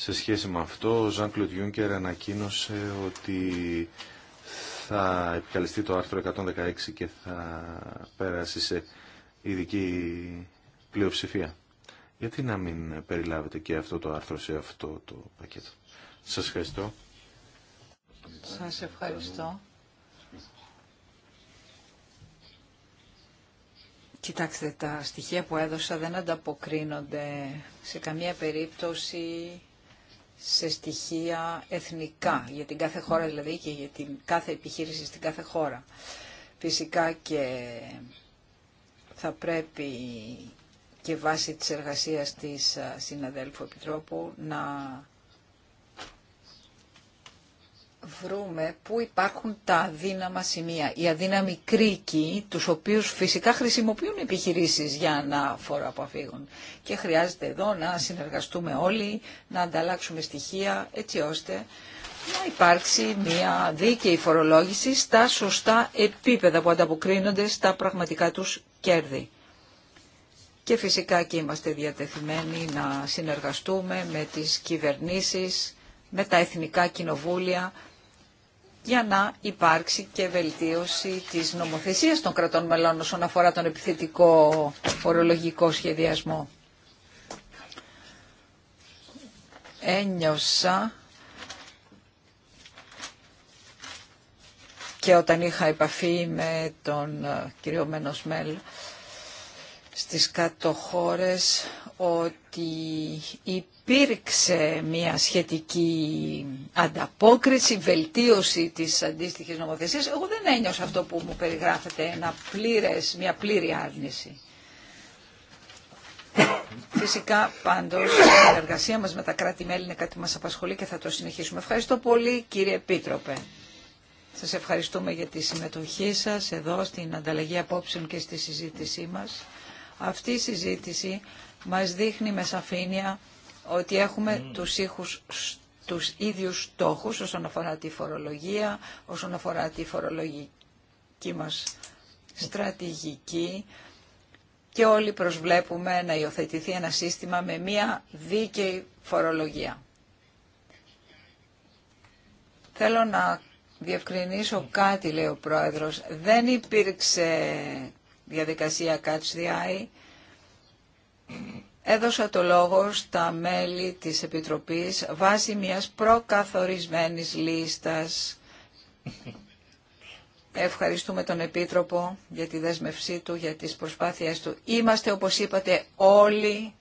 σε σχέση με αυτό, ο Ζαν Κλοντ Ιούνκερ ανακοίνωσε ότι θα επικαλεστεί το άρθρο 116 και θα πέρασει σε ειδική πλειοψηφία. Γιατί να μην περιλάβετε και αυτό το άρθρο σε αυτό το πακέτο. Σας ευχαριστώ. Σας ευχαριστώ. Κοιτάξτε, τα στοιχεία που έδωσα δεν ανταποκρίνονται σε καμία περίπτωση σε στοιχεία εθνικά, για την κάθε χώρα δηλαδή και για την κάθε επιχείρηση στην κάθε χώρα. Φυσικά και θα πρέπει και βάσει της εργασίας της συναδέλφου Επιτρόπου να βρούμε πού υπάρχουν τα αδύναμα σημεία, οι αδύναμοι κρίκοι, τους οποίους φυσικά χρησιμοποιούν οι επιχειρήσεις για να φοροαποφύγουν. Και χρειάζεται εδώ να συνεργαστούμε όλοι, να ανταλλάξουμε στοιχεία, έτσι ώστε να υπάρξει μια δίκαιη φορολόγηση στα σωστά επίπεδα που ανταποκρίνονται στα πραγματικά τους κέρδη. Και φυσικά και είμαστε διατεθειμένοι να συνεργαστούμε με τις κυβερνήσεις, με τα εθνικά κοινοβούλια, για να υπάρξει και βελτίωση της νομοθεσίας των κρατών μελών όσον αφορά τον επιθετικό ορολογικό σχεδιασμό. Ένιωσα και όταν είχα επαφή με τον ε, κύριο Μέλ στις κάτω χώρες ότι υπήρξε μια σχετική ανταπόκριση, βελτίωση της αντίστοιχης νομοθεσίας. Εγώ δεν ένιωσα αυτό που μου περιγράφεται, ένα πλήρες, μια πλήρη άρνηση. Φυσικά πάντως η εργασία μας με τα κράτη-μέλη είναι κάτι που μας απασχολεί και θα το συνεχίσουμε. Ευχαριστώ πολύ κύριε Επίτροπε. Σας ευχαριστούμε για τη συμμετοχή σας εδώ στην ανταλλαγή απόψεων και στη συζήτησή μας. Αυτή η συζήτηση μας δείχνει με σαφήνεια ότι έχουμε mm. τους ήχους τους ίδιους στόχους όσον αφορά τη φορολογία, όσον αφορά τη φορολογική μας στρατηγική και όλοι προσβλέπουμε να υιοθετηθεί ένα σύστημα με μία δίκαιη φορολογία. Θέλω να διευκρινίσω mm. κάτι, λέει ο Πρόεδρος. Δεν υπήρξε διαδικασία catch the eye έδωσα το λόγο στα μέλη της Επιτροπής βάσει μιας προκαθορισμένης λίστας. Ευχαριστούμε τον Επίτροπο για τη δέσμευσή του, για τις προσπάθειές του. Είμαστε, όπως είπατε, όλοι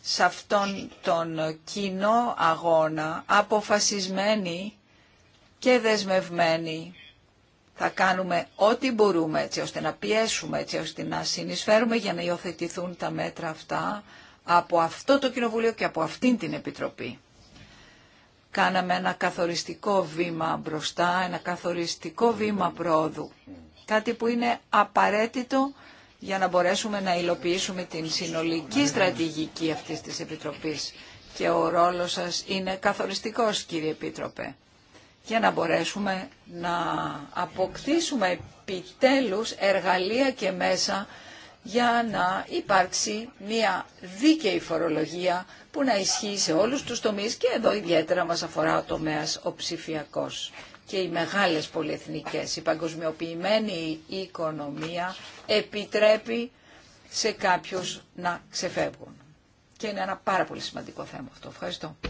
σε αυτόν τον κοινό αγώνα, αποφασισμένοι και δεσμευμένοι θα κάνουμε ό,τι μπορούμε έτσι ώστε να πιέσουμε, έτσι ώστε να συνεισφέρουμε για να υιοθετηθούν τα μέτρα αυτά από αυτό το Κοινοβούλιο και από αυτήν την Επιτροπή. Κάναμε ένα καθοριστικό βήμα μπροστά, ένα καθοριστικό βήμα πρόοδου. Κάτι που είναι απαραίτητο για να μπορέσουμε να υλοποιήσουμε την συνολική στρατηγική αυτής της Επιτροπής. Και ο ρόλος σας είναι καθοριστικός, κύριε Επίτροπε για να μπορέσουμε να αποκτήσουμε επιτέλους εργαλεία και μέσα για να υπάρξει μια δίκαιη φορολογία που να ισχύει σε όλους τους τομείς και εδώ ιδιαίτερα μας αφορά ο τομέας ο ψηφιακός και οι μεγάλες πολυεθνικές. Η παγκοσμιοποιημένη οικονομία επιτρέπει σε κάποιους να ξεφεύγουν. Και είναι ένα πάρα πολύ σημαντικό θέμα αυτό. Ευχαριστώ.